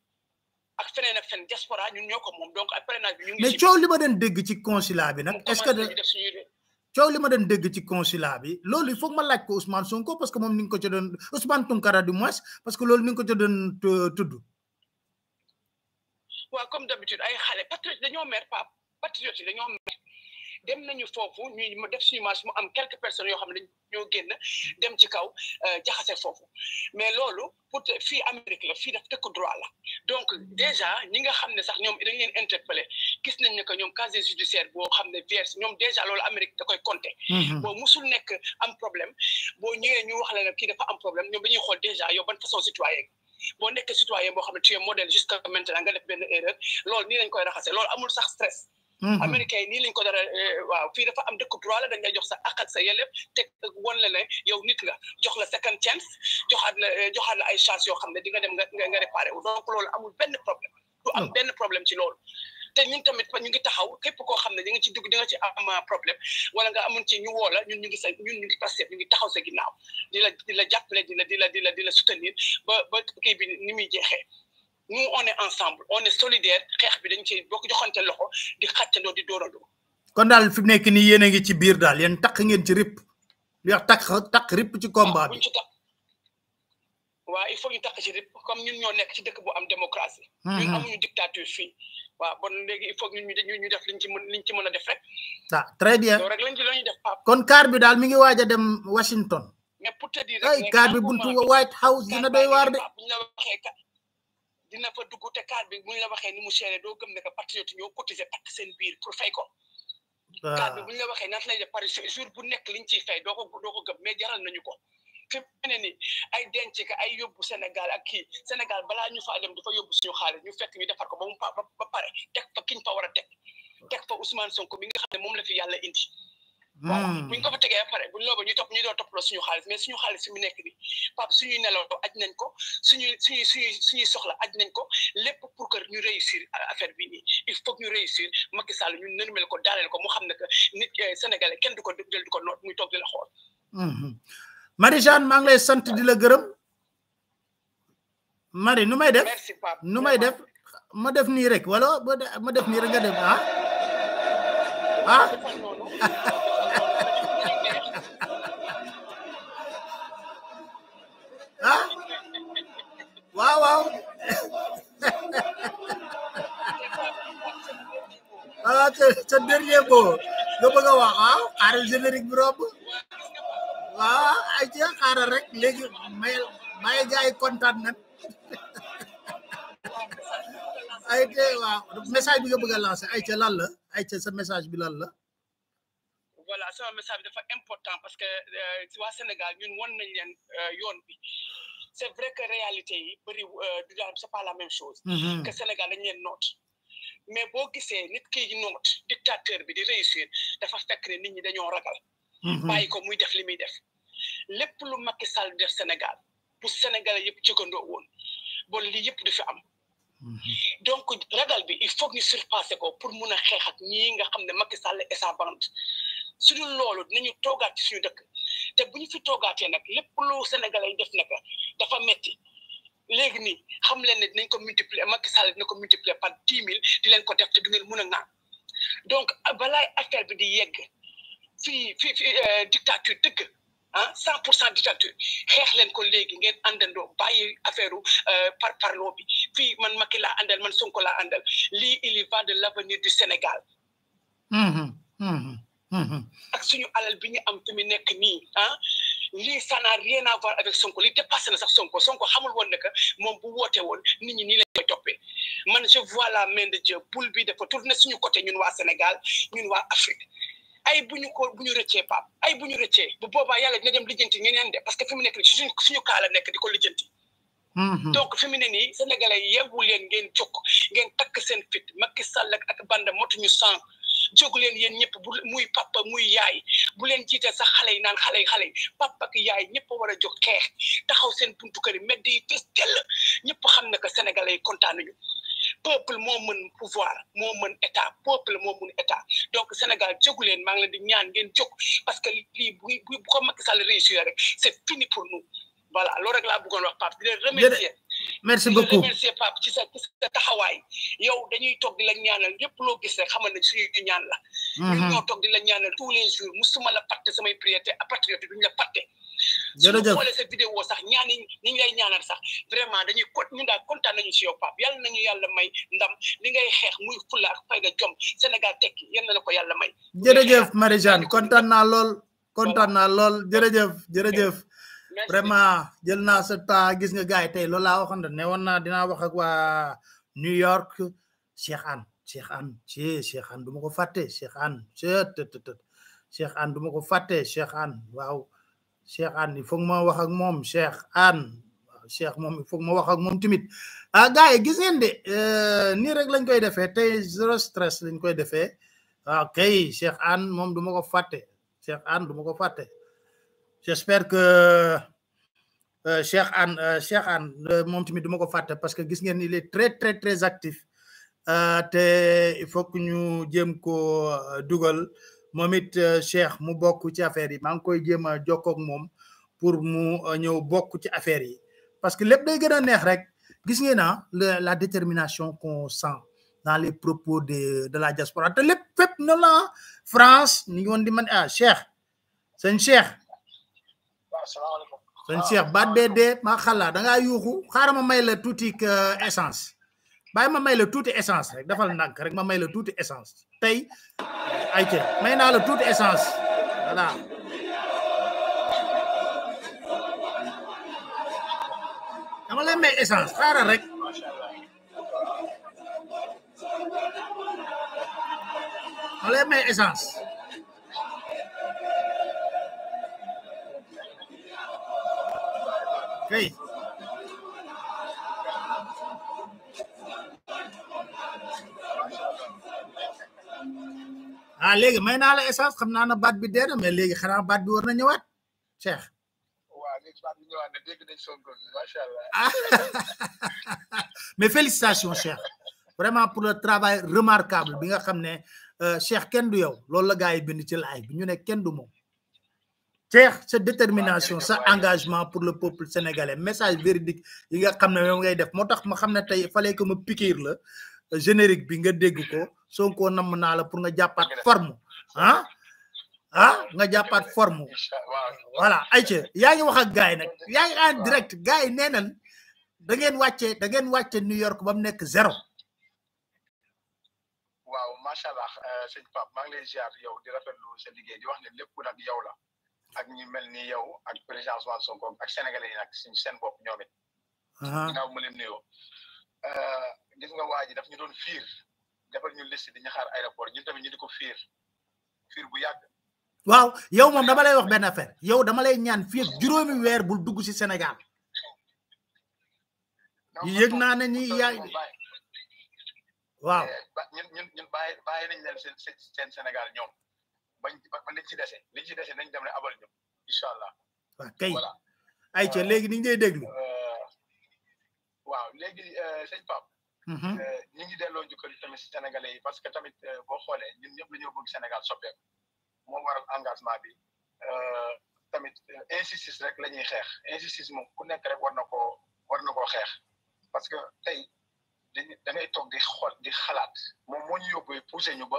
ak feneen ak feneen diaspora ñun ñoo ko moom donc ak parrainage bi ñu ngi. mais li ma doon dégg ci consulat bi nag. est-ce que de coow li ma doon dégg ci consulat bi loolu il faut que ma laaj ko Ousmane Sonko que moom ni nga ko ca doon Ousmane Tounkara du moins parce que loolu ni ko ca doon euh, tudd. waaw comme d'habitude ay xale patriote dañoo mer Pape patriote dañoo mer. dem nañu foofu ñu def suñu marche mu am quelques personnes yo xam ne ñoo génn dem ci kaw euh, jaxase fofu mais lolu pour fi Amérique la fi daf dëkk droit la donc déjà ñi nga xamné sax ñom dañ leen interpeller gis nañ ne que ñom cas judiciaire bo xamné ne ñom déjà lolu Amérique da koy compté mm-hmm. boo musul nek am problème bo ñëwé ñu wax la ne kii dafa am problème ñom dañuy xol déjà yo ban façon citoyen bo nek citoyen bo xamné ne tu es modèle jusqu'à maintenant nga def ben erreur lolu ni lañ koy raxasse lolu amul sax stress Mhm. américains yi nii lañ ko dara eh, waaw fii dafa am dëkk droit la dañ lay jox sa ak ak sa yelleef teg won la ne yow nit nga jox la second chance joxaat la eh, joxaat la ay chance yoo xam ne di nga dem nga nga réparé wu donc loolu amul benn problème hmm. benn problème ci loolu te ñun tamit ñu ngi taxaw képp koo xam ne di nga ci dugg di nga ci am ah, problème wala nga amun ci ñu woo la ñun ñu ngi sa ñun ñu ngi passé ñu ngi taxaw sa ginnaaw di la di la jàppale di la di la di la di la soutenir ba ba kii bi ni muy jeexee nous on est ensemble on est solidaire xeex bi dañ ci bokk joxante loxo di xàccandoo di dóorandoo. kon daal nekk nii yéen a ngi ci biir daal yen takk ngeen ci ripp li wax takk takk ripp ci combat bi. waaw il faut ñu takk ci ripp comme ñun ñoo nekk ci dëkk bu am démocratie. Hmm, ñun hmm. amuñu dictature fii. waaw bon léegi il faut ñu ñu def liñ ci mën liñ ci mën a def rek. ah très rek lañ ci doon def kon car bi daal mi ngi waaj dem Washington. mais pour te dire ay car bi buntu White House dina doy waar de. dina fa dugg te carte bi bu ñu la waxee ni mu seere doo gëm ne que patriote ñoo cotiser takk seen biir pour fay ko. waaw carte bi bu ñu la waxee naata lay def par jour bu nekk liñ ciy fay doo ko doo ko gëm mais jaral nañu ko. fi mu ne ay denc ay yóbbu Sénégal ak kii Sénégal balaa ñu faa dem dafa yóbbu suñu xaalis ñu fekk ñu defar ko ba mu ba pare teg fa kiñ fa war a teg teg fa Ousmane sonk mi nga xam ne moom la fi yàlla indi. Hmm. bu ñu ko fa tegee pare bu looba ñu topp ñu doon toppaloo suñu xaalis mais suñu xaalis fi mu nekk nii papa suñuy nelaw aj nañ ko suñuy suñuy suñuy suñuy soxla aj nañ ko lépp pour ñu réussir affaire bi il faut ñu réussir Macky Sall ñu nërmel ko daaneel ko mu xam ne que nit eh, sénégalais kenn du ko jël du ko noot muy toog di la xool hmm. Marie Jeanne maa ngi lay sant di la gërëm Marie nu may def nu may def ma def nii rek wala ma def nii rek nga def ah ah waaw waaw ah te te dernier bo nga bëgg a wax waaw xaaral générique bi romb waaw ay ci rek léegi may maye gars yi kontaan message bi nga bëgg a lancer ay ca lan la ay sa message bi lan la. voilà message bi dafa important parce que euh, waa Sénégal ñun won nañ leen euh, yoon c' est vrai que réalité yi bëri euh, du daal c' est pas la même chose. Mm-hmm. que Sénégal dañ noot. mais boo gisee nit ki noot dictateur bi di réussir dafa fekk ne nit ñi dañoo ragal. Mm-hmm. bàyyi ko muy def li muy def. lépp lu Macky Sall di def Sénégal bu Sénégal yëpp jëgandoo woon bon lii yëpp du fi am. Mm-hmm. donc ragal bi il faut ni ñu ko pour mun a xeex ak ñii nga xam ne Macky Sall et sa su loolu dinañu toogaat ci suñu dëkk. te bu ñu fi toogaatee nag lépp lu Sénégalais yi def nag dafa metti léegi nii xam leen ne dinañ ko multiplier Macky Sall dina ko multiplier par dix mille di leen ko def te du ngeen mun a naan donc balaay affaire bi di yegg fii fii fii euh, dictature dëgg ah cent pour cent dictature xeex leen ko léegi ngeen àndandoo bàyyi affaire euh, par parlo bi fii man Macky laa àndal man Sonko laa àndal lii il y va de l'avenir du Sénégal. Mhm. ak suñu alal bi ñu am fi mu nekk nii ah lii ça n'a rien à voir avec Sonko lii dépassé na sax Sonko Sonko xamul woon ne que moom bu woote woon nit ñi nii lañ koy toppee man je vois la main de Dieu boule bi dafa tourné suñu côté ñun waa Sénégal ñun waa Afrique ay bu ñu ko bu ñu rëccee Pape ay bu ñu rëccee bu boobaa yàlla dina dem lijjanti ñeneen de parce que fi mu nekk nii suñu suñu nekk di ko lijjanti. Mhm. donc fi mu ne nii sénégalais yeewu leen ngeen jóg ngeen takk seen fit Macky Sall ak bande motuñu sang. jóg leen yéen ñëpp bu muy papa muy yaay bu leen jiite sax xale yi naan xale yi xale yi papa ak yaay ñëpp war a jóg xeex taxaw seen puntu kër yi mbedd yi fees dell ñëpp xam na que sénégalais yi kontaan nañu peuple moo mën pouvoir moo mën état peuple moo mën état donc Sénégal jógu leen maa ngi leen di ñaan ngeen jóg parce que lii bu bu ko Macky Sall réussir rek c'est fini pour nous voilà loo rek laa bëggoon wax Pape di merci beaucoup merci ci sa ci taxawaay yow dañuy toog di la ñaanal lépp loo gis rek xamal ne suñu ñu ñaan la mm-hmm. ñun ñoo toog di la ñaanal tous les jours musuma la patte samay prière te patriote duñu la patte jërëjëf xoolee sa vidéo sax ñaan yi ñu lay ñaanal sax vraiment dañuy ko ñun daal kontaan nañu si yow Pape yàlla nañu yàlla may ndam li ngay xeex muy fulla ak fayda jom Sénégal tekki yal na ko yàlla may jërëjëf Marie Jeanne kontaan naa lool kontaan naa lool jërëjëf jërëjëf vraiment jël naa sa temps gis nga gars yi tey loolu laa waxoon de ne woon naa dinaa wax ak waa New York Cheikh Anne Cheikh Anne ci Cheikh Anne du ma ko fàtte Cheikh Anne ci tët tët Cheikh Anne du ma ko fàtte Cheikh Anne waaw Cheikh Anne il faut ma wax ak moom Cheikh Anne Cheikh moom il faut ma wax ak moom tamit ah gars yi gis ngeen de nii rek lañ koy defee tey stress lañ koy defee waaw kay Cheikh Anne moom du ma ko fàtte Cheikh Anne du ma ko fàtte j'espère que euh, Cheikh Anne euh, Cheikh Anne le tamit du ko parce que gis il est très très très actif euh, te il faut que ñu jéem ko Dougal, Momit it Cheikh mu bokk ci affaire yi maa koy jéem a ak pour mu ñëw bokk ci affaire yi parce que les day gën a neex rek ah, la détermination qu'on sent dans les propos de de la diaspora Les lépp fépp la ah. France ni ngi woon di man ah Cheikh sëñ Cheikh asalaamaaleykum. sëñ Cheikh baat bee dee yuuxu xaaral ma may la tuuti euh, essence bàyyi ma may la tuuti essence rek dafal ndànk rek ma may la tuuti essence tey ay may naa la tuuti essence voilà. dama lay may essence xaaral rek. dama lay may essence. fez. Ah, léegi may naa la essence xam naa na baat bi dee na mais léegi xanaa baat bi war na ñëwaat Cheikh. waaw léegi ah. mais félicitations Cheikh vraiment pour le travail remarquable bi nga xam ne euh, Cheikh kenn du yow loolu la gars yi bind ci live bi ñu ne kenn du moom. Ceex sa détermination sa engagement pour le peuple sénégalais message véridique yi nga xam ne moom ngay def moo tax ma xam ne tey fallait que ma piquer la générique bi nga dégg ko Sonko namm naa la pour nga jàppaat forme hein, Hein? nga jàppaat forme voilà ayca yaa ngi wax ak gars yi nag yaa ngi en direct gars yi nee nañ da ngeen wàcce da ngeen wàcce New York ba mu nekk zéro waaw macha allah euh, sëñ Pape maa ngi lay ziar yow di rafetlu sa liggéey di wax ne lépp nag yow la ak ñi mel ni yow ak président Ousmane Sonko ak sénégalais yi nag suñ seen bopp ñoom it. ginnaaw ma leen nuyoo. Euh, gis nga daf ñu doon fiir defal ñu liste di ñu xaar aéroport ñun tamit ñu di ko fiir fiir bu yàgg. waaw yow moom dama lay wax benn affaire yow dama lay ñaan fii ak juróomi weer bu dugg si Sénégal. yëg naa ne ñi yaa waaw eh, ñun ñun bàyyi bàyyi nañ leen seen seen Sénégal ñoom. bañ ba liñ ci dese liñ ci dese nañ dem ne abal ñu incha allah. waaw kay ay ca euh, léegi ni ñu ngay déglu. Euh, waaw léegi euh, sëñ Pape. Mm-hmm. ñu ngi delloo njukkal tamit sénégalais yi parce que tamit boo xoolee ñun ñëpp dañoo bëgg Sénégal soppeeku moom waral engagement bi tamit injustice rek la ñuy xeex injustice moom ku nekk rek war na koo war na koo xeex parce que tey dañuy da ngay toog di xool di xalaat moom moo ñu yóbbee poussé ñu ba.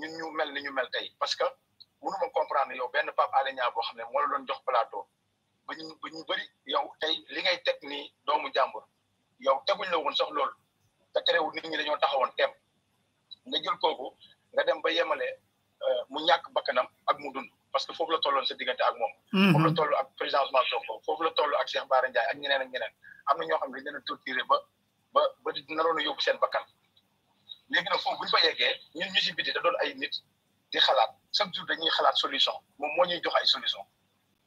ñun ñu mel ni ñu mel tey parce que mënu ma comprendre yow benn Pape Alé Niang boo xam ne moo la doon jox plateau ba ñu ba ñu bëri yow tey li ngay teg nii doomu jàmbur yow teguñ la woon sax loolu te terewul nit ñi dañoo taxawoon tem nga jël kooku nga dem ba yemale euh, mu ñàkk bakkanam ak mu dund parce que foofu la tolloon sa diggante ak moom. Mm-hmm. foofu la toll ak président Ousmane Sonko foofu la toll ak Cheikh Bara Ndiaye ak ñeneen ak ñeneen am na ñoo xam ne dañ leen a torturé ba ba ba naroon a yóbbu seen bakkan. léegi nag foofu bu ñu fa ñun ñu si biti da doon ay nit di xalaat chaque jour dañuy xalaat solution moom moo ñuy jox ay solution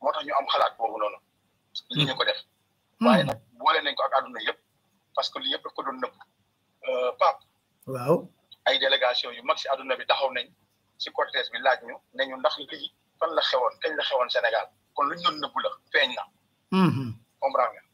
moo tax ñu am xalaat boobu noonu. li ñu ko def. Hmm. waaye nag boole nañ ko ak àdduna yëpp parce que li yëpp ko doon nëpp euh, Pape. waaw ay délégation yu mag si àdduna bi taxaw nañ si coté bi laaj ñu ne ñu ndax lii fan la xewoon kañ la xewoon Sénégal kon lu ñu doon nëbbu la feeñ na. Hmm.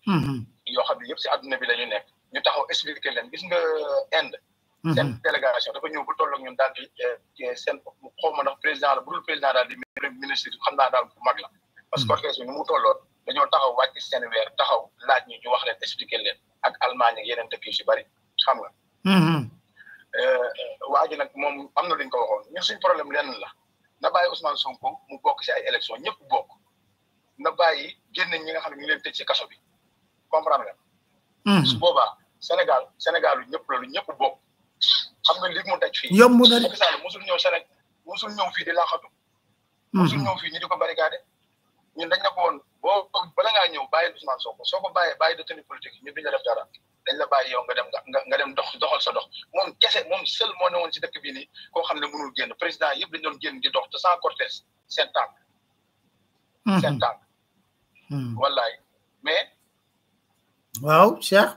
Hmm. yoo xam ne yëpp si àdduna bi la nekk ñu taxaw expliqué leen gis nga euh, Inde. seen mm-hmm. délégation dafa ñëw ba toll ak ñun daal di eh, eh, seen xaw ma ndax président la bu dul président daal di ministre xam naa daal bu mag la. Mm-hmm. parce que cortège bi ni mu tolloon dañoo taxaw wàcc seen weer taxaw laaj ñu ñu wax leen expliqué leen ak Allemagne ak yeneen dëkk yu si bëri xam nga. Mm-hmm. Eh, waa ji nag moom am na lu ñu ko waxoon ñun suñ problème lenn la na bàyyi Ousmane Sonko mu bokk si ay élection ñëpp bokk na bàyyi génn ñi nga xam ne ñu leen tëj si kaso bi comprendre nga. su boobaa Sénégal Sénégal ñëpp la lu ñëpp bokk. xam nga li mu daj fii. yomb na de Macky Sall mosul ñëw Sénégal mosul fii di laaxatu. mosul hmm. ñëw fii ñu di ko barricade ñun dañ ne ko boo bala ngaa ñëw bàyyi Ousmane Sonko soo ko bàyyee bàyyi de tenue politique ñu duñ la def dara dañ la bàyyi yow nga dem nga nga dem dox doxal sa dox moom kese moom seul moo ne woon ci dëkk bii nii koo xam ne mënul génn président yëpp dañ doon génn di dox te sans cortège seen tànk. Hmm. seen tànk. Hmm. wallaay mais. waaw Cheikh.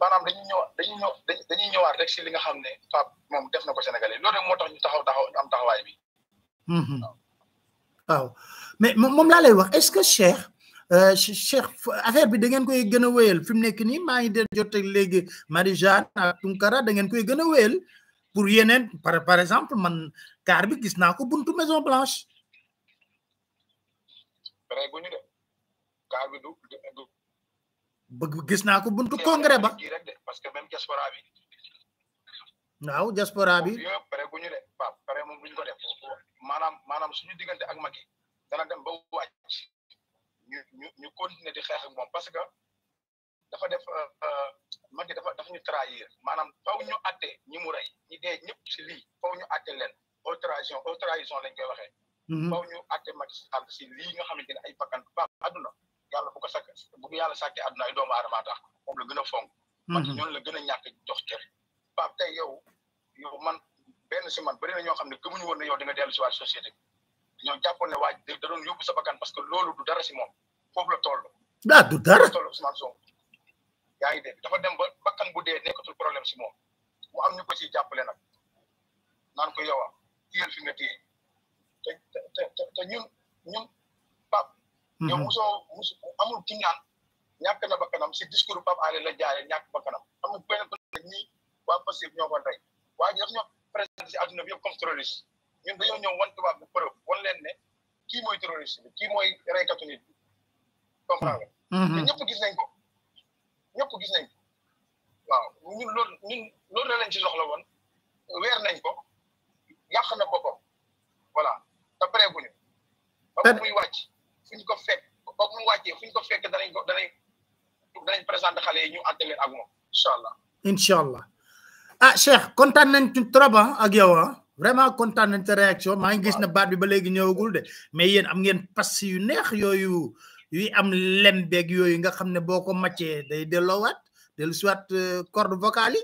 maanaam dañuy ñëw dañuy ñëw dañuy ñëwaat li nga xam ne Pape moom def na ko Sénégalais yi loolu rek moo tax am taxawaay bi. Mhm. waaw mais moom laa lay wax est-ce que Cheikh euh, Cheikh affaire bi da ngeen koy gën a wéyal fi mu nekk nii maa ngi dee jot léegi Marie-Jeanne ak Tunkara da ngeen koy gën a wéyal pour yeneen par par exemple man car bi gis naa ko buntu Maison Blanche. bëgg gis naa ko buntu congrès ba parce que même diaspora bi waaw diaspora bi pare guñu de waaw pare moom duñu ko def maanaam maanaam suñu diggante ak Macky dana dem ba wàcc ñu ñu ñu continuer di xeex ak moom parce que dafa def euh, euh, Macky dafa dafa ñu trahir maanaam faw ñu atte ñi mu rey ñi dee ñëpp si lii faw ñu atte leen au trahison au trahison lañ koy waxee mhm. faw ñu ate Macky Sall si lii nga xamante ne ay bakkan ba àdduna yàlla bu ko sakk bu ko yàlla sàkkee àdduna ay doomu aadama tax moom la gën a fonk. Mhm. parce que ñooñu la gën a ñàkk jox cër. Pape tey yow yow man benn si man bëri na ñoo xam ne gëmuñu woon ne yow di nga dellu si waat ñoo jàppoon waaj da doon yóbbu sa bakkan parce que loolu du dara si moom foofu la toll. ah du dara foofu la toll Ousmane Sonko yaa dafa dem ba bakkan bu dee nekkatul problème si moom ñu ko siy jàppale nag naan ko yow ah téyel fi nga téye te te te ñun ñun. yow musoo mm-hmm. musu amul ki ñaan ñàkk na bakkanam si discours Pape Alé la jaare ñàkk bakkanam amul benn benn ñii waa Pastef ñoo ko rey waaye daf ñoo présenté si adduna bi yëpp comme terroriste ñun dañoo ñoo wan tubaab bu preuve wan leen ne kii mooy terroriste bi kii mooy reykatu nit bi comprendre mm-hmm. Mm-hmm. te ñëpp gis nañ ko ñëpp gis nañ ko waaw ñun lool ñun loolu la lañ ci soxla woon weer nañ ko yàq na boppam voilà te a ba muy wàcc fu ñu ko fekk danañ danañ danañ xale yi ñu àtte ak moom incha allah. ah Cheikh kontaan nañ ci ah, ak yow ah. vraiment kontaan nañ sa réaction maa ngi gis na baat bi ba léegi ñëwagul de mais yéen am ngeen pass yu neex yooyu yuy am lem beeg yooyu nga xam ne boo ko màccee day delloowaat dellu siwaat euh, corde vocale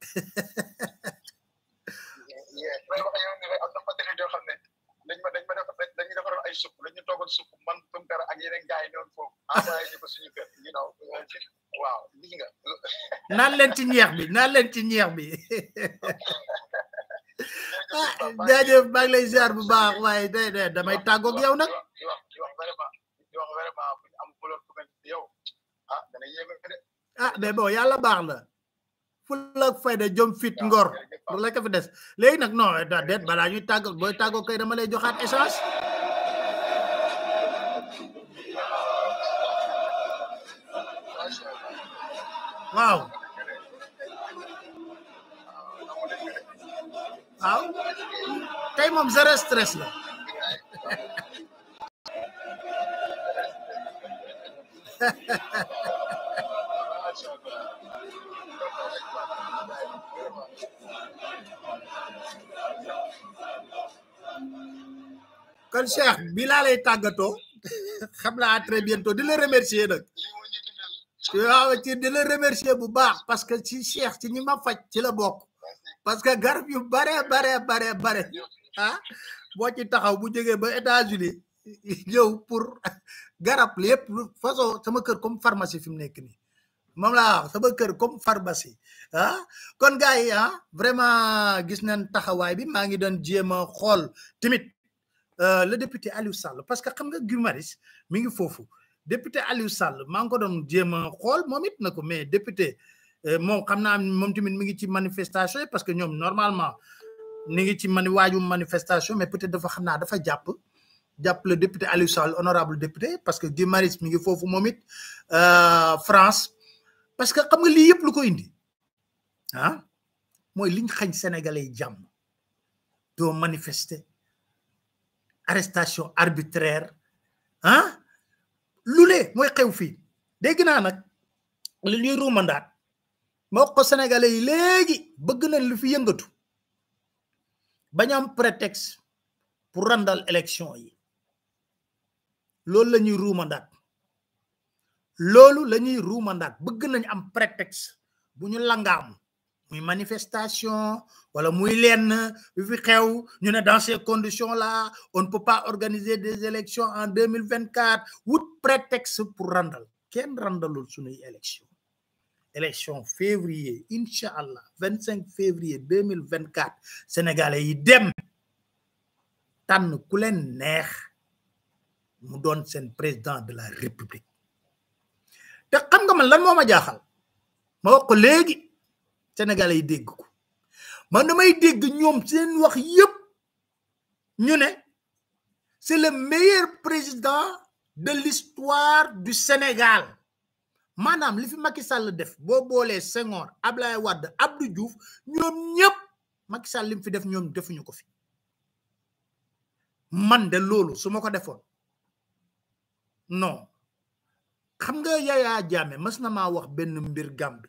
supp dañu toogal supp man Tunkara ak yi ñoon foofu envoyé ñu ko suñu kër ñu waaw gis nga naan leen ci ñeex bi naan leen ci ñeex bi jaajëf ah, maa ngi lay ziar bu baax waaye day damay tàggoog yow nag di wax di wax vraiment di wax vraiment yow ah dana de ah yàlla baax la fula fayda jom fit ngor lu la ko des léegi nag non déet balaa ñuy tàgg booy tàggoo kay dama lay joxaat échange waaw waaw tey moom zéro stress la kon Cheikh bi laa lay tàggatoo xam naa à très bientôt di la remercier nag waaw ci di la remercier bu baax parce que ci Cheikh ci ñi ma faj ci la bokk parce que garab yu bare bare bare bare ah boo ci taxaw bu jógee ba États-Unis ñëw pour garab lépp façon sama kër comme pharmacie fi mu nekk nii moom laa sama kër comme pharmacie ah kon gars yi ah vraiment gis nañ taxawaay bi maa ngi doon jéem a xool tamit euh, le député Aliou Sall parce que xam nga Guy Marius mi ngi foofu député Aliou Sall maa ngi ko doon jéem a xool moom it na ko mais député euh, moom xam naa moom tamit mi ngi ci manifestation parce que ñoom normalement ni ngi ci mani waaju manifestation mais peut-être dafa xam naa dafa jàpp jàpp le député Aliou Sall honorable député parce que Guy maris, mi ngi foofu moom it euh, France parce que xam nga lii yëpp lu ko indi ah mooy liñ xañ sénégalais yi jàmm doo manifester arrestation arbitraire ah lu lee mooy xew fii dégg naa nag li ñuy ruumandaat ma wax ko yi léegi bëgg nañ lu fi yëngatu bañ am prétexte pour randal élection yi loolu la ñuy ruumandaat loolu la ñuy ruumandaat bëgg nañu am prétexte bu ñu langaamu une manifestation voilà, muy dans ces conditions là on ne peut pas organiser des élections en 2024 ou prétexte pour rendre kenn randalul élection élection février élections 25 février 2024 sénégalais yi dem ku président de la république te xam nga man lan sénégalais yi dégg ko man damay dégg ñoom seen wax yépp ñu ne c'est le meilleur président de l'histoire du Sénégal maanaam li fi Macky Sall def boo boolee Senghor Ablaye Wade Abdou Diouf ñoom ñëpp Macky Sall li mu fi def ñoom defuñu ko fi man de loolu su ma ko defoon non xam nga Yaya Jammeh mas na maa wax benn mbir Gàmbi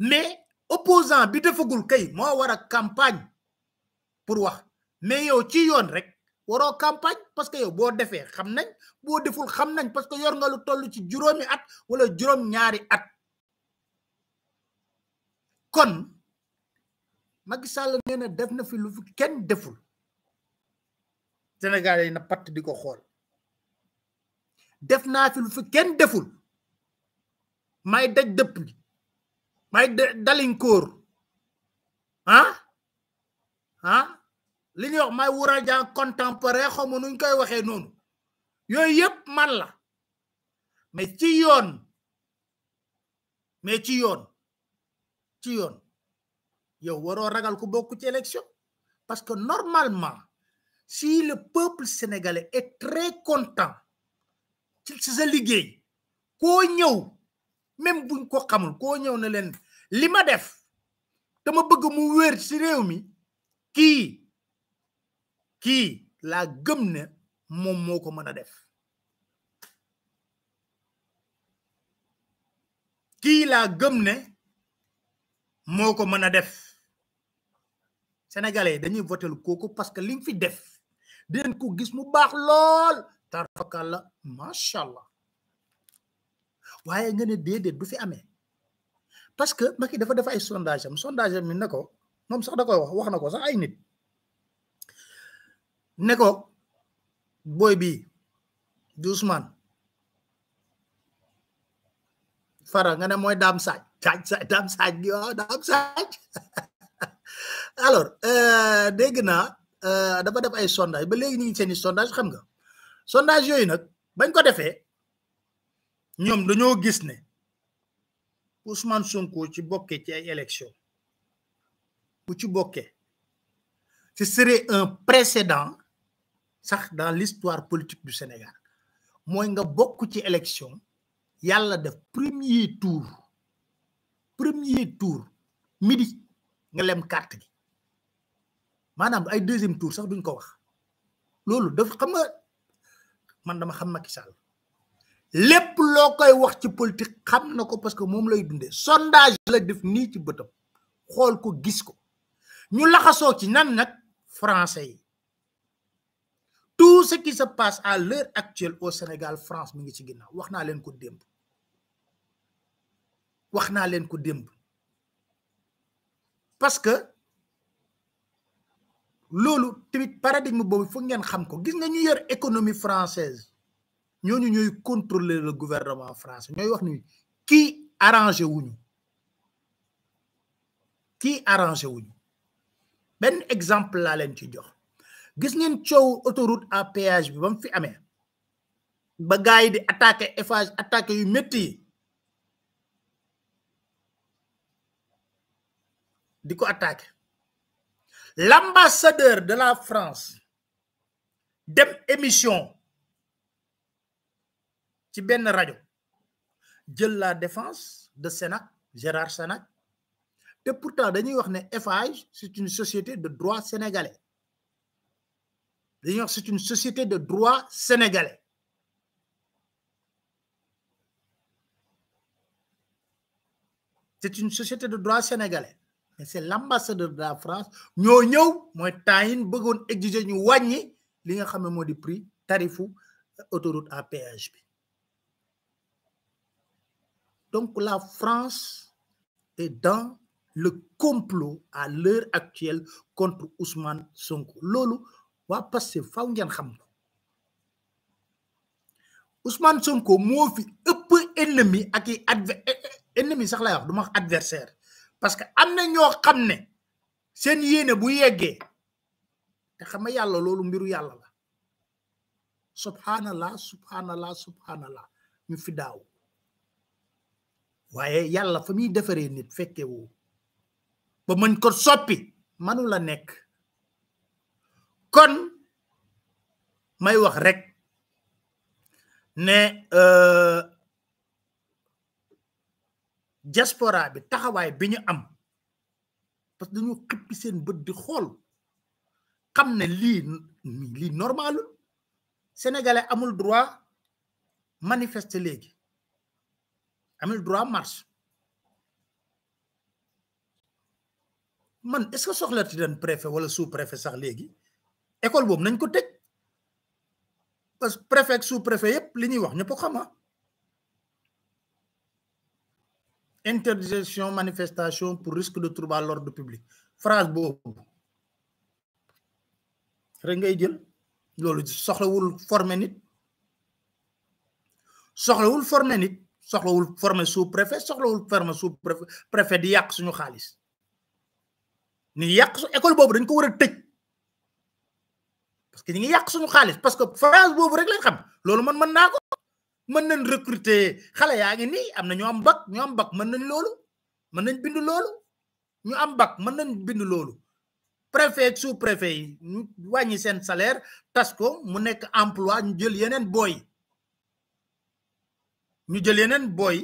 mais opposant bi defagul kay moo war a campagne pour wax mais yow ci yoon rek waroo campagne parce que yow boo defee xam nañ boo deful xam nañ parce que yor nga lu tollu ci juróomi at wala juróom-ñaari at kon Macky Sall nee na def na fi lu fi kenn deful Sénégal yi na patt di ko xool def naa fi lu fi kenn deful may daj dëpp li Mike Dalinkour ah hein? ah hein? li ñuy wax may un contemporain xamu koy noonu yooyu yep, man la mais ci mais ci yoon ci yoon yow waroo ragal ku bokk ci élection parce que normalement si le peuple sénégalais est très content ci sa liggéey koo ñëw même buñ ko xamul koo ñëw na leen li ma def te bëgg mu wér si réew mi kii kii laa gëm ne moom moo ko mën a def kii laa gëm ne moo ko mën a def sénégalais dañuy votel kooku parce que li nga fi def dinañ ko gis mu baax lool tarfakal la macha allah waaye nga ne déedéet du fi amee parce que Macky dafa def ay sondage am sondage am mi ne ko moom sax da koy wax wax na ko sax ay nit ne ko booy bii di Ousmane fara nga ne mooy daam saaj saaj saaj daam saaj gi waaw daam saaj alors euh, dégg naa euh, dafa def ay sondage ba léegi ñu ngi seeni sondage xam nga sondage yooyu nag bañ ko defee Nous, dañoo gis ne Ousmane Sonko ci ci ce serait un précédent dans l'histoire politique du Sénégal moy nga il ci élection yalla le premier tour premier tour midi nga lem carte gi ay deuxième tour sax duñ ko wax xam nga man dama lépp loo koy wax ci politique xam na ko parce que moom lay dundee sondage la def nii ci bëtam xool ko gis ko ñu laxasoo ci nan nag français yi tout ce qui se passe à l'heure actuelle au Sénégal France mi ngi ci ginnaaw wax naa leen ko démb wax naa leen ko démb parce que loolu tamit paradigme boobu foog ngeen xam ko gis nga ñu yor économie française ñooñu ñooy contrôler le gouvernement français ñooy wax ni qui arrangé wuñu qui arrangé wuñu ben exemple la leen ci jox gis ngeen ciow autoroute à péage bi ba fi amé ba gaay di attaquer Eiffage attaqué yu metti diko attaquer l'ambassadeur de la France dem émission ci benn radio. jël la défense de Sénat. Gérard Sénat. Et pourtant dañuy wax ne c'est une société de droit sénégalais c'est une société de droit sénégalais c'est une société de droit sénégalais c'est l'ambassadeur de la France Nous avons mooy temps yin bëggoon exiger ñu wàññi li nga prix tarifu autoroute à PHP. Donc la France est dans le complot à l'heure actuelle contre Ousmane Sonko Lolo va passer faw ngeen xam Ousmane Sonko mo fi ëpp ennemi ak e-, e-, ennemi sax adversaire parce que amna ñoo ne seen bu yeggee te xama yalla lolu mbiru la subhanallah subhanallah subhanallah fi waaye yàlla fa muy defaree nit fekke wu ba mën ko soppi manu la nekk kon may wax rek ne euh, diaspora bi taxawaay am parce que nous xippi seen bët di xool xam ne lii normal. normalul sénégalais amul droit manifester le droit marche man est-ce que soxla ti den préfet wala sous-préfet sax léegi école boobu nañ ko tej parce que préfet sous-préfet yep li a wax de ko ah. interdiction manifestation pour risque de trouble à l'ordre public phrase boobu rek ngay jël loolu soxlawul former nit soxlawul former nit soxlawul former sous préfet soxlawul former sous préfet di yàq suñu xaalis ni yàq su école boobu dañ ko war a tëj parce que ñi ngi yàq suñu xaalis parce que phrase boobu rek lañ xam loolu man mën naa ko mën nañ recruter xale yaa ngi nii am na ñu am bac ñu am bac mën nañ loolu mën nañ bind loolu ñu am bac mën nañ bind loolu préfet sous préfet yi ñu salaire tas ko mu nekk emploi ñu jël yeneen boy ñu jël yeneen booy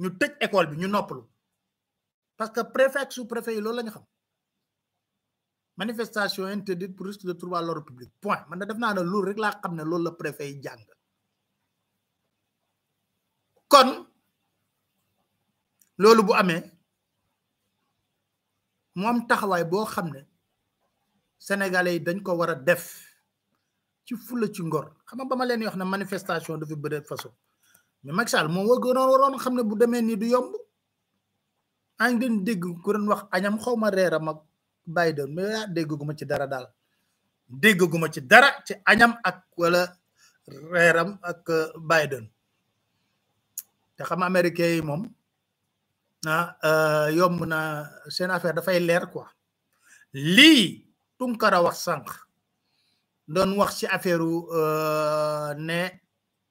ñu tëj école bi ñu noppalu parce que préfet ak sous préfet yi loolu la xam manifestation interdite pour risque de trouble à l'ordre point man da def naa ne loolu rek laa xam ne loolu la préfet yi jàng kon loolu bu amee moom taxawaay boo xam ne sénégalais yi dañ ko war a def ci fula ci ngor xam nga ba ma leen wax ne manifestation dafa bëre façon mais mag saal moom war gënoon xam ne bu deme nii du yomb maa ngi doon dégg ku doon wax añam xaw ma reeram ak bàyyi ah, ci dara daal dégguma ci dara ci añam ak wala reeram ak euh, bàyyi doon te xam américain yi moom ah, euh, yomb na seen affaire dafay leer ko lii Tunkara wax sànq doon wax ci affaire euh, ne.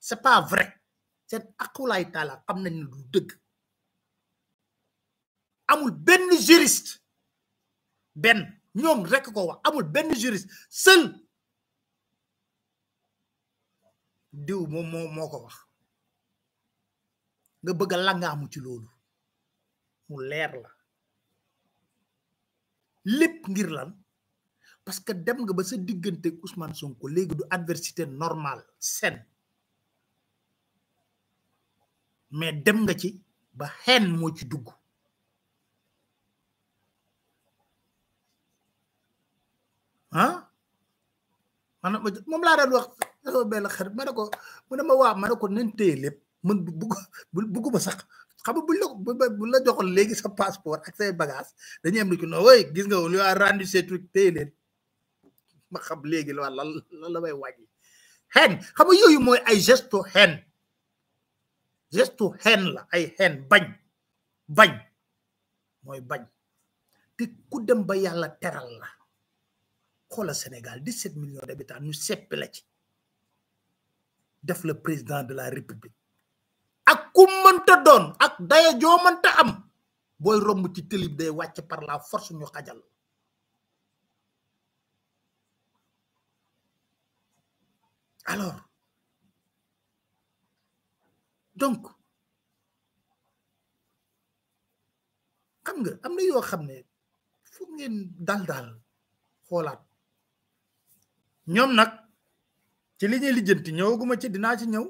c'est pas vrai C'est akulaay là juriste Ben, ñom rek ko wax amul ben juriste seul diw mo mo wax nga bëgg ci mu la ngir lan parce que dem nga ba sa Ousmane Sonko légui du normale saine mais dem nga ci ba xeen moo ci dugg ah maanaam moom laa daan wax benn xarit ma ne ko mu ma waa ma ne ko nañ téye lépp man bugg ba sax xam nga buñ la bu la joxoon léegi sa passeport ak say bagaas dañuy am ni ko non ooy gis nga lu a rendi ces trucs leen ma xam léegi la lan la may wàññi xeen xam nga yooyu mooy ay gesto xeen gestu xeen la ay xeen bañ bañ mooy bañ te ku dem ba yàlla teral la xoola Sénégal 17 millions d'habitants ñu seppi la ci def le président de la république ak ku mënta doon ak daya joo mënta am booy romb ci télib day wàcc par la force ñu xajal alors donc xam nga am na yoo xam ne foog ngeen dal daal xoolaat ñoom nag ci li ñuy lijjanti ñëwaguma ci dinaa ci ñëw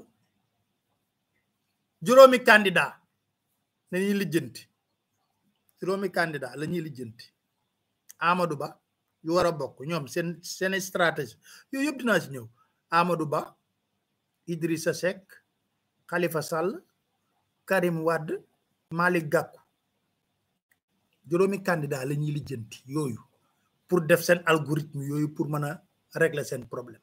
juróomi candidat la lijjanti juróomi candidat la ñuy lijjanti Amadou Ba yu war a bokk ñoom seen seen stratégie yooyu dinaa ci ñëw Amadou Ba Idrissa Seck Khalifa Sall Karim Wade Malick Gakou juróomi candidat la ñuy lijjanti yooyu pour def seen algorithme yooyu pour mën a régler seen problème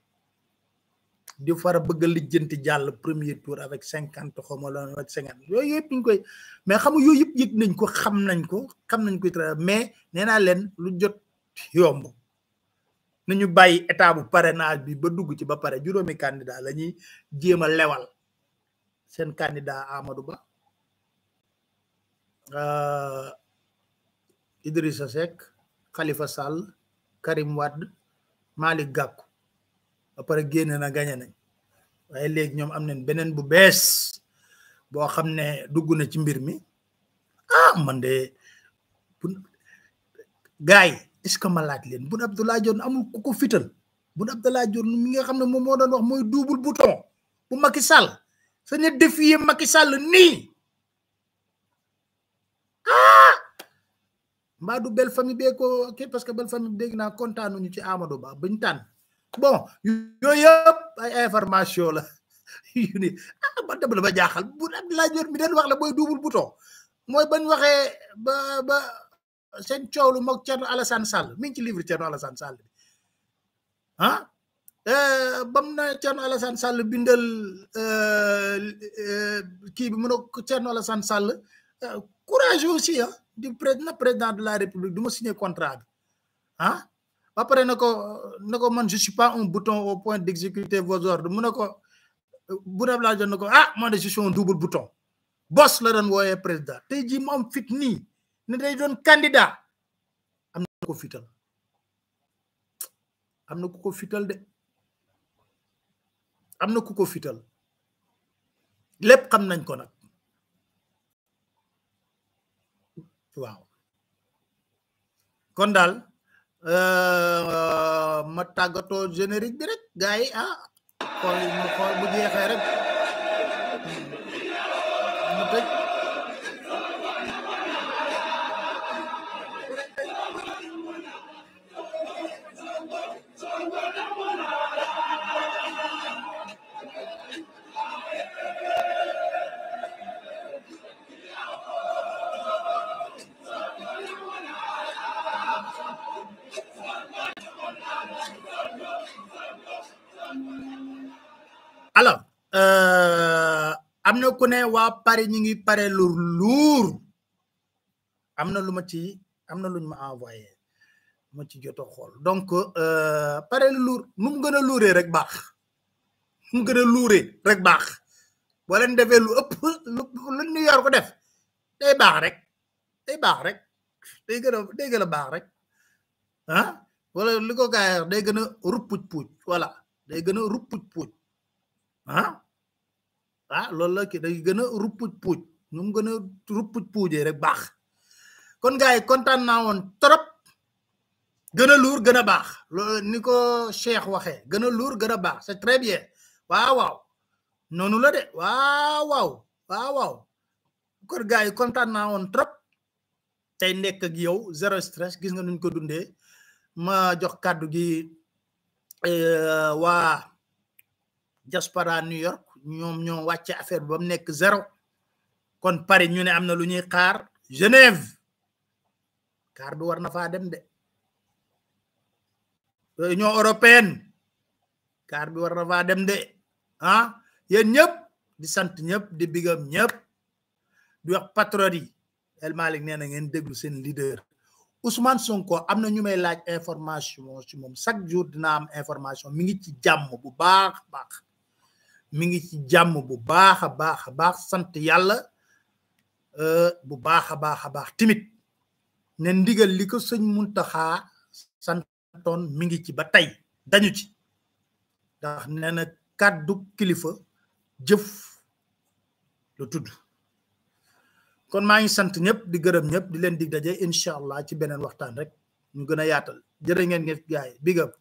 di fara bëgg lijjanti jàll premier tour avec cinquante xawma la ak cinquante yooyu yëpp ñu koy mais xamu yooyu yëpp yëg nañ ko xam nañ ko xam nañ koy tra mais nee naa leen lu jot yomb nañu bàyyi état bu parrainage bi ba dugg ci ba pare juróomi candidat la ñuy jéem a lewal sen candidat Amadou Ba euh Idrissa Seck Khalifa Sall Karim Wade Malik Gakou ba pare na gagné nañ waaye légui ñom am nañ bu bess bo xamné ne na ci mbir mi ah man dé gaay est ce malade len bu Abdoulaye Dione amul kuko fital Abdoulaye Dione mi nga xamné ne mo doon wax moy double bouton bu Macky Sall sañ a défier Macky Sall nii ah mbaa du belle famille bee parce que belle famille dégg naa kontaanuñu ci Amadou Ba buñ tànn bon yooyu yëpp ay information la yu ni ah la ba jaaxal bu laajoon mi den wax la booy duubul bouton mooy bañ waxee ba ba seen coow lu moog Thierno Alassane Sall mi ngi ci livre Thierno Alassane Sall bi ah. Eh, bam na Thierno Alassane Sall bindal euh, bi mu ne ko Thierno Alassane Sall eh, courage aussi ah, du président président de la république duma signer contrat hein, ah ba pare na ko man je suis pas un bouton au point d'exécuter vos ordres mu ne ko la def ko ah man je suis un double bouton boss la don woyé président tey jii mu fit ni, ne day don candidat am na ko fital am na ko ko fital de am na ku ko fital lépp xam nañ ko nag waaw kon daal euh, ma tàggatoo générique bi rek yi ah, xool mu xool bu ne waa pare ñu ngi pare lu luur am na lu ma ci am na lu ñu ma envoyé ma ci joto xool donc euh, pare lu luur nu mu gën a luuree rek baax nu mu gën a luuree rek baax boo leen lu ëpp lu ñu yor ko def day baax rek day baax rek day gën a de gën a baax rek ah wala li ko gaay day gën a ruppuj puuj wala day gën a ruppuj puuj ah ah loolu la ki day gën a ruppuj puuj ñu mu gën a ruppuj puujee rek baax kon gars yi kontaan naa woon trop gën a luur gën a baax loolu ni ko Cheikh waxee gën a luur gën a baax c'est très bien waaw waaw la de waaw kon gars yi kontaan naa woon trop tey nekk ak yow zéro stress gis nga nuñ ko dundee ma jox kàddu gi euh, waa diaspora New York avons fait wàcce affaire ba mu nekk kon Paris ñu na lu ñuy xaar Genève car bi war dem de Union européenne car bi war na de ah yéen ñëpp di sant ñëpp di bigam ñëpp El malik nee na ngeen leader Ousmane Sonko am na ñu may laaj information ci moom chaque jour dina am information mi ngi ci jàmm bu mi ngi ci jàmm bu baax a baax a baax sant euh, bu baax a baax timit ne ndigal li ko sëñ muntaxaa santoon mi ngi ci ba tey dañu ci ndax nee na kàddu kilifa jëf lu tudd kon maa ngi sant ñëpp di gërëm ñëpp di leen dig daje incha allah ci beneen waxtaan rek ñu gën a yaatal jërë ngeen ngeen gaay bigam